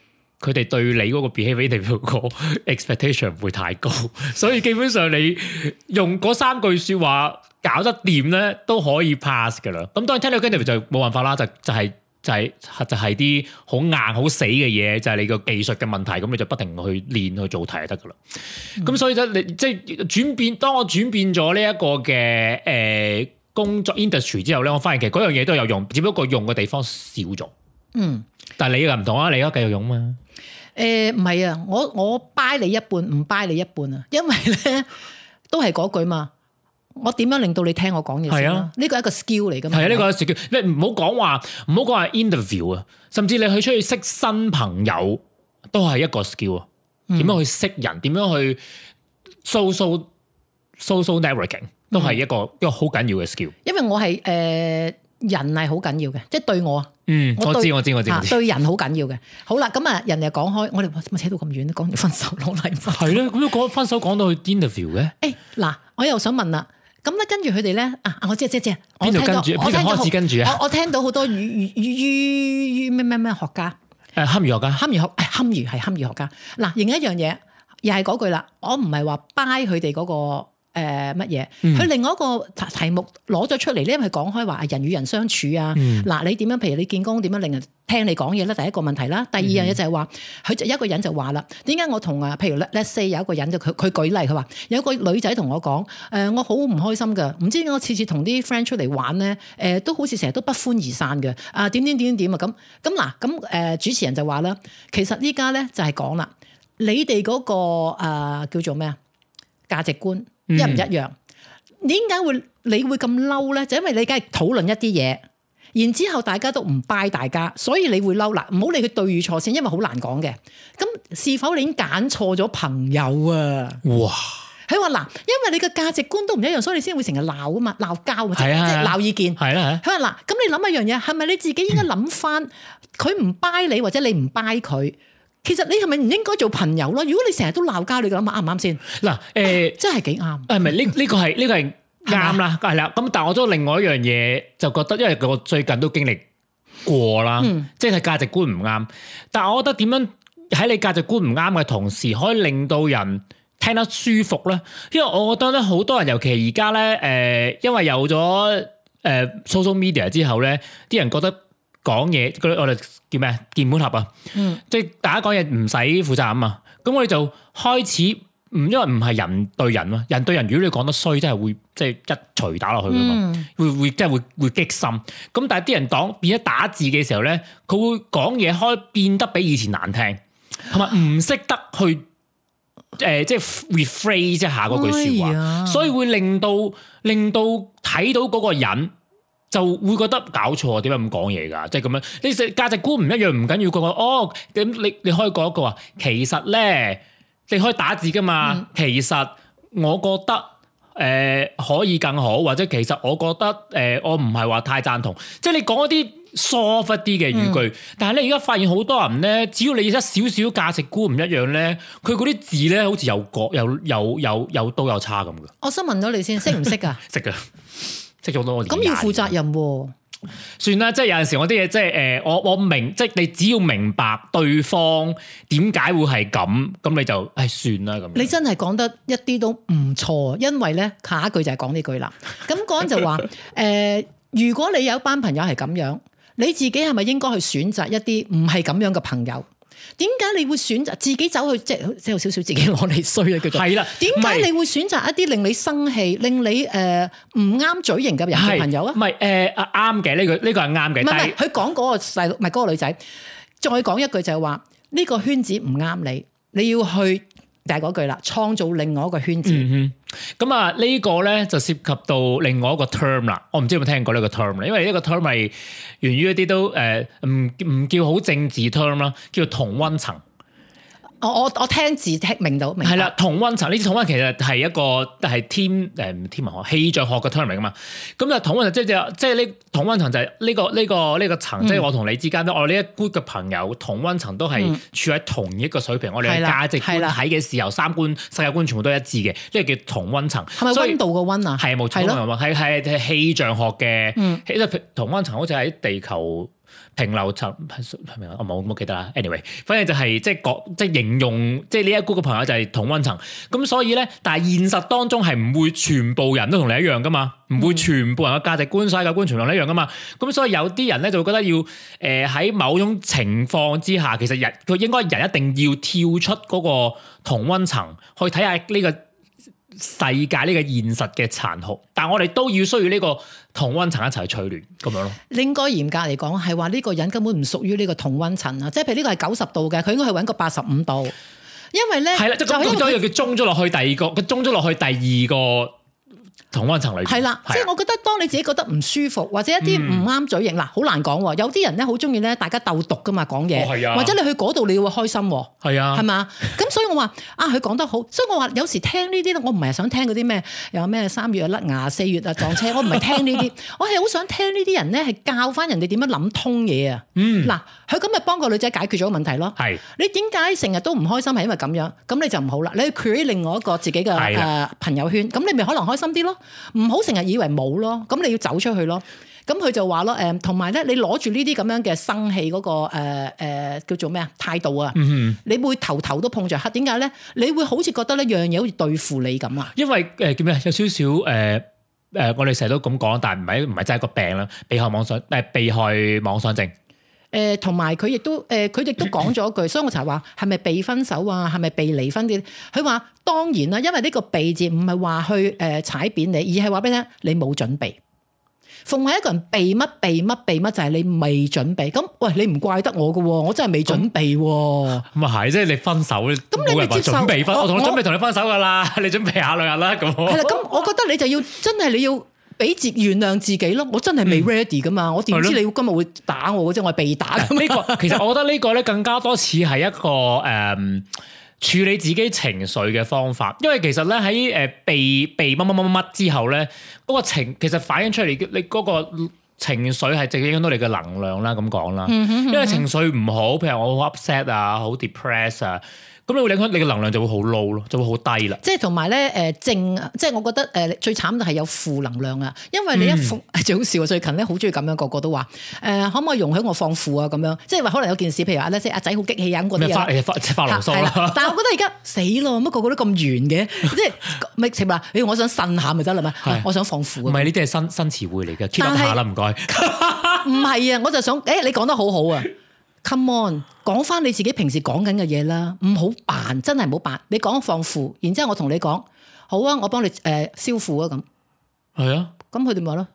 佢哋對你嗰個 behavioral 個 expectation 唔會太高， 所以基本上你用嗰三句説話搞得掂咧都可以 pass 噶啦。咁當然 technical 就冇辦法啦，就就係就係就係啲好硬好死嘅嘢，就係你個技術嘅問題，咁你就不停去練去做題就得噶啦。咁所以咧，你即係轉變，當我轉變咗呢一個嘅誒、呃、工作 industry 之後咧，我發現其實嗰樣嘢都有用，只不過用嘅地方少咗。嗯，但係你又唔同啊，你而家繼續用啊嘛～誒，唔係啊，我我 buy 你一半，唔 buy 你一半啊，因為咧都係嗰句嘛，我點樣令到你聽我講嘢先啦？呢個係一個 skill 嚟噶嘛？係啊，呢個係 skill，你唔好講話，唔好講話 interview 啊，甚至你去出去識新朋友都係一個 skill 啊，點樣去識人，點樣去 so so so social networking 都係一個一個好緊要嘅 skill。因為我係誒。人係好緊要嘅，即係對我。嗯，我對我，我知我知我知、啊。對人好緊要嘅。好啦，咁啊，人哋講開，我哋點解扯到咁遠咧？講到分手攞禮物。係咯，咁都講分手講到去 interview 嘅、欸。誒嗱，我又想問啦，咁咧跟住佢哋咧啊，我知啊知啊知啊。邊度跟住？邊開始跟住啊？我我聽到好多魚魚魚魚咩咩咩學家。誒、啊，堪輿學家，堪輿學，誒堪輿係堪輿學家。嗱，另一樣嘢，又係嗰句啦，我唔係話 buy 佢哋嗰個。誒乜嘢？佢、呃嗯、另外一個題目攞咗出嚟咧，係講開話啊，人與人相處、嗯、啊。嗱，你點樣？譬如你見工點樣令人聽你講嘢咧？第一個問題啦。第二樣嘢就係話，佢就一個人就話啦，點解我同啊？譬如 let let say 有一個人就佢佢舉例，佢話有一個女仔同我講誒、呃，我好唔開心㗎，唔知點解我次次同啲 friend 出嚟玩咧誒、呃，都好似成日都不歡而散嘅啊。點點點點，點，點啊咁咁嗱咁誒，主持人就話啦，其實依家咧就係、是、講啦，你哋嗰、那個、呃、叫做咩啊價值觀。一唔、嗯、一樣？點解會你會咁嬲咧？就是、因為你梗係討論一啲嘢，然之後大家都唔拜大家，所以你會嬲啦。唔好理佢對與錯先，因為好難講嘅。咁是否你已經揀錯咗朋友啊？哇！佢話嗱，因為你嘅價值觀都唔一樣，所以你先會成日鬧啊嘛，鬧交是啊，即係鬧意見。係啦是、啊，係。佢話嗱，咁你諗一樣嘢，係咪你自己應該諗翻？佢唔拜你， 或者你唔拜佢？其實你係咪唔應該做朋友咯？如果你成日都鬧交，你嘅諗法啱唔啱先？嗱，誒，呃、真係幾啱。誒，咪、這、呢、個？呢個係呢個係啱啦，係啦。咁，但係我都另外一樣嘢，就覺得，因為我最近都經歷過啦，嗯、即係價值觀唔啱。但係我覺得點樣喺你價值觀唔啱嘅同時，可以令到人聽得舒服咧？因為我覺得咧，好多人，尤其而家咧，誒、呃，因為有咗誒 social media 之後咧，啲人覺得。講嘢佢我哋叫咩鍵盤俠啊，嗯、即係大家講嘢唔使負責啊嘛，咁我哋就開始唔因為唔係人對人咯，人對人如果你講得衰，真係會即係一錘打落去噶嘛，嗯、會會即係會會激心。咁但係啲人當變咗打字嘅時候咧，佢會講嘢開變得比以前難聽，同埋唔識得去誒、呃、即係 rephrase 一下嗰句說話，哎、呀 所以會令到令到睇到嗰個人。就會覺得搞錯啊？點解咁講嘢噶？即係咁樣，你值價值觀唔一樣唔緊要。佢話哦，咁你你可以講一句話，其實咧，你可以打字噶嘛。嗯、其實我覺得誒、呃、可以更好，或者其實我覺得誒、呃、我唔係話太贊同。即係你講一啲 soft 啲嘅語句，嗯、但係咧而家發現好多人咧，只要你一少少價值觀唔一樣咧，佢嗰啲字咧好似有各有有有有都有差咁嘅。我想問到你先，識唔識呀？ 識嘅。即做多啲咁要負責任喎、啊，算啦，即係有陣時我啲嘢，即係誒，我我明，即係你只要明白對方點解會係咁，咁你就誒、哎、算啦咁。你真係講得一啲都唔錯，因為咧下一句就係講呢句啦。咁、那、講、個、就話誒、 呃，如果你有一班朋友係咁樣，你自己係咪應該去選擇一啲唔係咁樣嘅朋友？點解你會選擇自己走去即即少少自己攞嚟衰啊叫做？係啦，點解的你會選擇一啲令你生氣、是令你誒唔啱嘴型嘅人朋友啊？唔係誒，啱嘅呢個呢、呢個係啱嘅。唔係佢講嗰個細路唔係嗰個女仔，再講一句就係話呢個圈子唔啱你，你要去。就係嗰句啦，創造另外一個圈子。咁啊、嗯，個呢個咧就涉及到另外一個 term 啦。我唔知有冇聽過呢個 term 啦，因為呢個 term 係源於一啲都誒，唔、呃、唔叫好政治 term 啦，叫同温層。我我我聽字聽明到，明係啦，同温層呢？啲同温其實係一個係天誒天文學氣象學嘅 term 嚟㗎嘛。咁啊、就係，同温即係即係呢同温層就係呢個呢、呢個呢、呢個層，即係、嗯、我同你之間咧，我呢一 group 嘅朋友同温層都係處喺同一個水平，嗯、我哋價值觀喺嘅時候、三觀、世界觀全部都一致嘅，呢、呢個叫同温層。係咪温度個温啊？係啊以，冇錯啊，係係係氣象學嘅氣質同温層，好似喺地球。平流層，我冇冇記得啦。Anyway，反正就係即係講即係形容即係呢一個朋友就係同温層。咁所以咧，但係現實當中係唔會全部人都同你一樣噶嘛，唔會全部人嘅價值觀、世界觀全部都一樣噶嘛。咁所以有啲人咧就會覺得要誒喺、呃、某種情況之下，其實人佢應該人一定要跳出嗰個同温層去睇下呢個。世界呢個現實嘅殘酷，但係我哋都要需要呢個同溫層一齊取暖咁樣咯。應該嚴格嚟講係話呢個人根本唔屬於呢個同溫層啊，即係譬如呢個係九十度嘅，佢應該去搵個八十五度，因為咧係啦，即係、啊、因為佢中咗落去第二個，佢中咗落去第二個。同灣層嚟，係啦的，的即係我覺得當你自己覺得唔舒服，或者一啲唔啱嘴型，嗱好、嗯、難講喎。有啲人咧好中意咧，大家鬥毒㗎嘛講嘢，哦、或者你去嗰度你會開心，係啊的，係嘛？咁所以我話啊，佢講得好，所以我話有時聽呢啲咧，我唔係想聽嗰啲咩，有咩三月甩牙，四月啊撞車，我唔係聽呢啲， 我係好想聽呢啲人咧係教翻人哋點、嗯、樣諗通嘢啊。嗱，佢噉咪幫個女仔解決咗個問題咯的。你點解成日都唔開心係因為咁樣？咁你就唔好啦，你去 create 另外一個自己嘅誒朋友圈，咁你咪可能開心啲咯。唔好成日以為冇咯，咁你要走出去咯。咁佢就話咯，誒、嗯，同埋咧，你攞住呢啲咁樣嘅生氣嗰、嗰個誒誒、呃呃，叫做咩啊？態度啊，你會頭頭都碰着黑，點解咧？你會好似覺得咧樣嘢好似對付你咁啊？因為誒叫咩？有少少誒誒，我哋成日都咁講，但係唔係唔係真係個病啦，被害妄想誒，被、呃、害妄想症。誒同埋佢亦都誒，佢、呃、亦都講咗一句，所以我成日話係咪被分手啊？係咪被離婚啲？佢話當然啦，因為呢、這個被字唔係話去誒踩扁你，而係話俾你聽，你冇準備。凡係一個人被乜被乜被乜，就係、是、你未準備。咁喂，你唔怪得我嘅，我真係未準備、啊。咁啊係，即係你分手，咁、嗯、你未準備分手，我，我準備同你分手㗎啦。我你準備下兩日啦，咁。係啦，咁、嗯、我覺得你就要真係你要。 俾自原諒自己咯，我真係未 ready 噶嘛，嗯、我點知你今日會打我嘅啫？的我係被打。呢個其實我覺得呢個咧更加多似係一個誒、嗯、處理自己情緒嘅方法，因為其實咧喺誒被被乜乜乜乜之後咧，嗰、嗰個情其實反映出嚟，你嗰個情緒係直接影響到你嘅能量啦，咁講啦。嗯嗯嗯因為情緒唔好，譬如我好 upset 啊，好 depress 啊。咁你會影響你嘅能量就會好 low 咯，就會好低啦。即係同埋咧，誒、呃、正，即係我覺得誒、呃、最慘就係有負能量啊！因為你一負、嗯，最搞笑最近咧好中意咁樣，個個都話誒、呃，可唔可以容許我放負啊？咁樣即係話可能有件事，譬如話咧，即阿仔好激氣啊，嗰啲啊，發發牢騷，但係我覺得而家死咯，乜個個都咁圓嘅， 即係咪請問，欸、我想呻下咪得啦嘛？我想放負啊。唔係呢啲係新新詞彙嚟嘅，keep 啦，唔該。唔係啊，我就想誒、欸，你講得好好啊。Come on，講返你自己平時講緊嘅嘢啦，唔好扮，真係唔好扮。你講放負，然之後我同你講，好啊，我幫你誒、呃、消負啊咁。係啊，咁佢哋咪咯，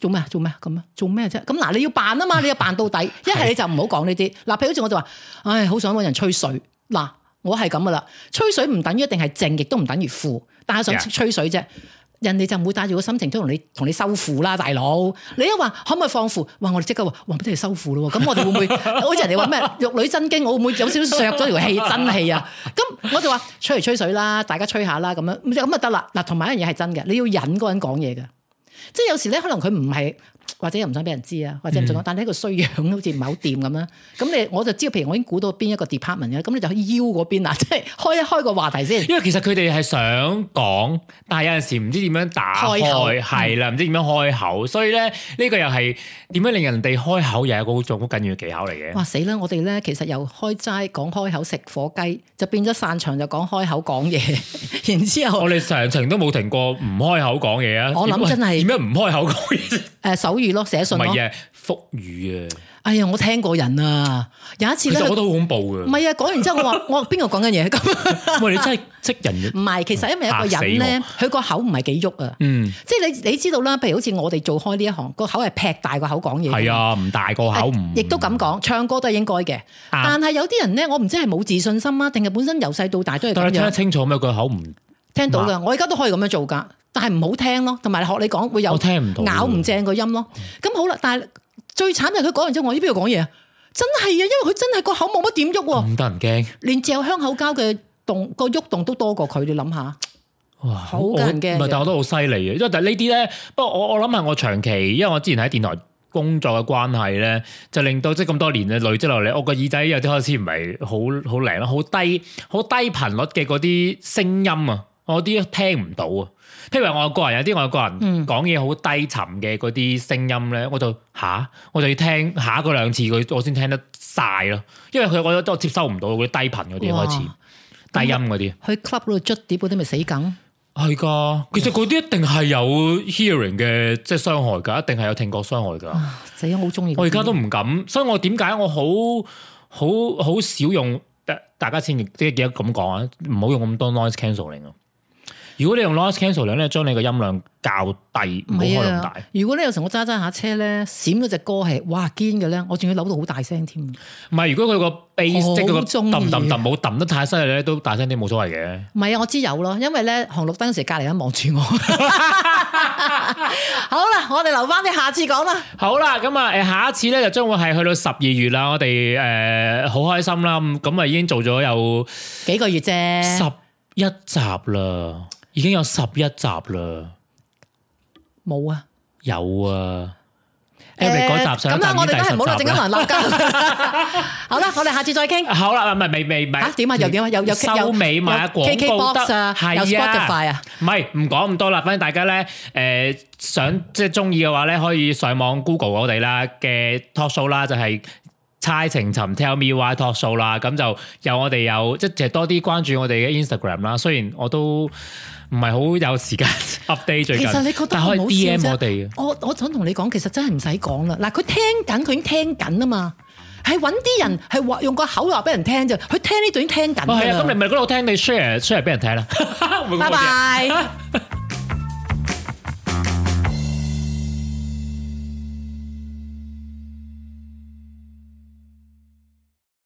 做咩做咩咁啊？做咩啫？咁嗱，你要扮啊嘛，你要扮到底。一係你就唔好講呢啲。嗱、啊，譬如好似我就話，唉，好想搵人吹水。嗱，我係咁噶啦，吹水唔等於一定係正，亦都唔等於負，但係想吹水啫。人哋就唔會帶住個心情都同你同你收負啦，大佬。你一話可唔可以放負，哇！我哋即刻話，哇！乜都要收負咯。咁我哋會唔會 好似人哋話咩《玉女真經》？我會唔會有少少弱咗條氣真氣啊？咁 我就話吹嚟吹水啦，大家吹下啦，咁樣咁啊得啦。嗱，同埋一樣嘢係真嘅，你要忍嗰個人講嘢嘅，即係有時咧，可能佢唔係。或者又唔想俾人知啊，或者唔準講，但係呢個衰樣好似唔係好掂咁樣。咁 你我就知道，譬如我已經估到邊一個 department 嘅，咁你就喺腰嗰邊啊。即係開一開個話題先。因為其實佢哋係想講，但係有陣時唔知點樣打開，係啦，唔知點樣開口，開口嗯、所以咧呢個又係點樣令人哋開，開，開口，又係一個好重要好緊要嘅技巧嚟嘅。哇死啦！我哋咧其實又開齋講開口食火雞，就變咗散場就講開口講嘢，然之後 我哋成程都冇停過唔開口講嘢啊！我諗真係點樣唔開口講嘢？誒 語咯，寫信咯，唔係嘢，腹語啊！哎呀，我聽過人啊，有一次咧，我覺得好恐怖啊。唔係啊，講完之後我話我邊個講緊嘢咁？喂，你真係識人嘅？唔係，其實因為一個人咧，佢個口唔係幾喐啊。嗯，即係你你知道啦，譬如好似我哋做開呢一行，個口係劈大個口講嘢。係啊，唔大個口唔。亦都咁講，唱歌都係應該嘅。但係有啲人咧，我唔知係冇自信心啊，定係本身由細到大都係。聽得清楚咩？個口唔？聽到噶，我而家都可以咁樣做噶。但係唔好聽咯，同埋學你講會有聽唔到咬唔正個音咯。咁、嗯、好啦，但係最慘就係佢講完之後，我喺邊度講嘢啊？真係啊，因為佢真係個口冇乜點喐，咁得人驚。連嚼香口膠嘅動個喐動，動都多過佢，你諗下。哇唉，好驚。唔係我吧，但我都好犀利嘅，因為但係呢啲咧，不過我我諗係我長期，因為我之前喺電台工作嘅關係咧，就令到即係咁多年嘅累積落嚟，我個耳仔有啲開始唔係好好靚咯，好低好低頻率嘅嗰啲聲音啊，我啲聽唔到啊。譬如話外國人有啲外國人講嘢好低沉嘅嗰啲聲音咧，嗯、我就吓我就要聽下一兩次，佢我先聽得晒咯，因為佢我都接收唔到佢低頻嗰啲開始哇低音嗰啲。去 club 嗰度捽碟嗰啲咪死梗係噶，其實嗰啲一定係有 hearing 嘅即係傷害噶，一定係有聽覺傷害噶。死，我好中意。我而家都唔敢，所以我點解我好好好，好少用？大家先即記得咁講啊，唔好用咁多 noise cancelling。如果你用 noise cancel 量咧，將你個音量較低，唔好開咁大。如果你有時我揸揸下車咧，閃咗隻歌係哇堅嘅咧，我仲要扭到好大聲添。唔係，如果佢個 base 即係個揼揼揼，冇揼得太犀利咧，都大聲啲冇所謂嘅。唔係啊，我知有咯，因為咧紅綠燈嗰時隔籬一望住我。好啦，我哋留翻啲下次講啦。好啦，咁啊，誒，下一次咧就將會係去到十二月啦，我哋誒好開心啦，咁啊已經做咗有幾個月啫，十一集啦。已經有十一集啦，冇啊？有啊，Eric 嗰集上一集，第二集，好啦，我哋下次再傾。好啦，唔係未未未啊？點啊？又點啊？又又收尾嘛？廣告啊？有 KK Box 啊？有 Spotify 啊？唔係唔講咁多啦。反正大家咧，誒，想即係中意嘅話咧，可以上網 Google 我哋啦，嘅 talk show 啦，就係猜情尋 Tell Me Why talk show 啦。咁就有我哋有即係多啲關注我哋嘅 Instagram 啦。雖然我都。唔係好有時間 update 最近，但係 D M 我哋們。我我想同你講，其實真係唔使講啦。嗱，佢聽緊，佢已經聽緊啊嘛。係揾啲人係話、嗯、用個口話俾人聽啫。佢聽呢段已經聽緊。係啊、哦，咁你咪嗰度聽，你 share share 俾人聽啦。拜拜 過 bye。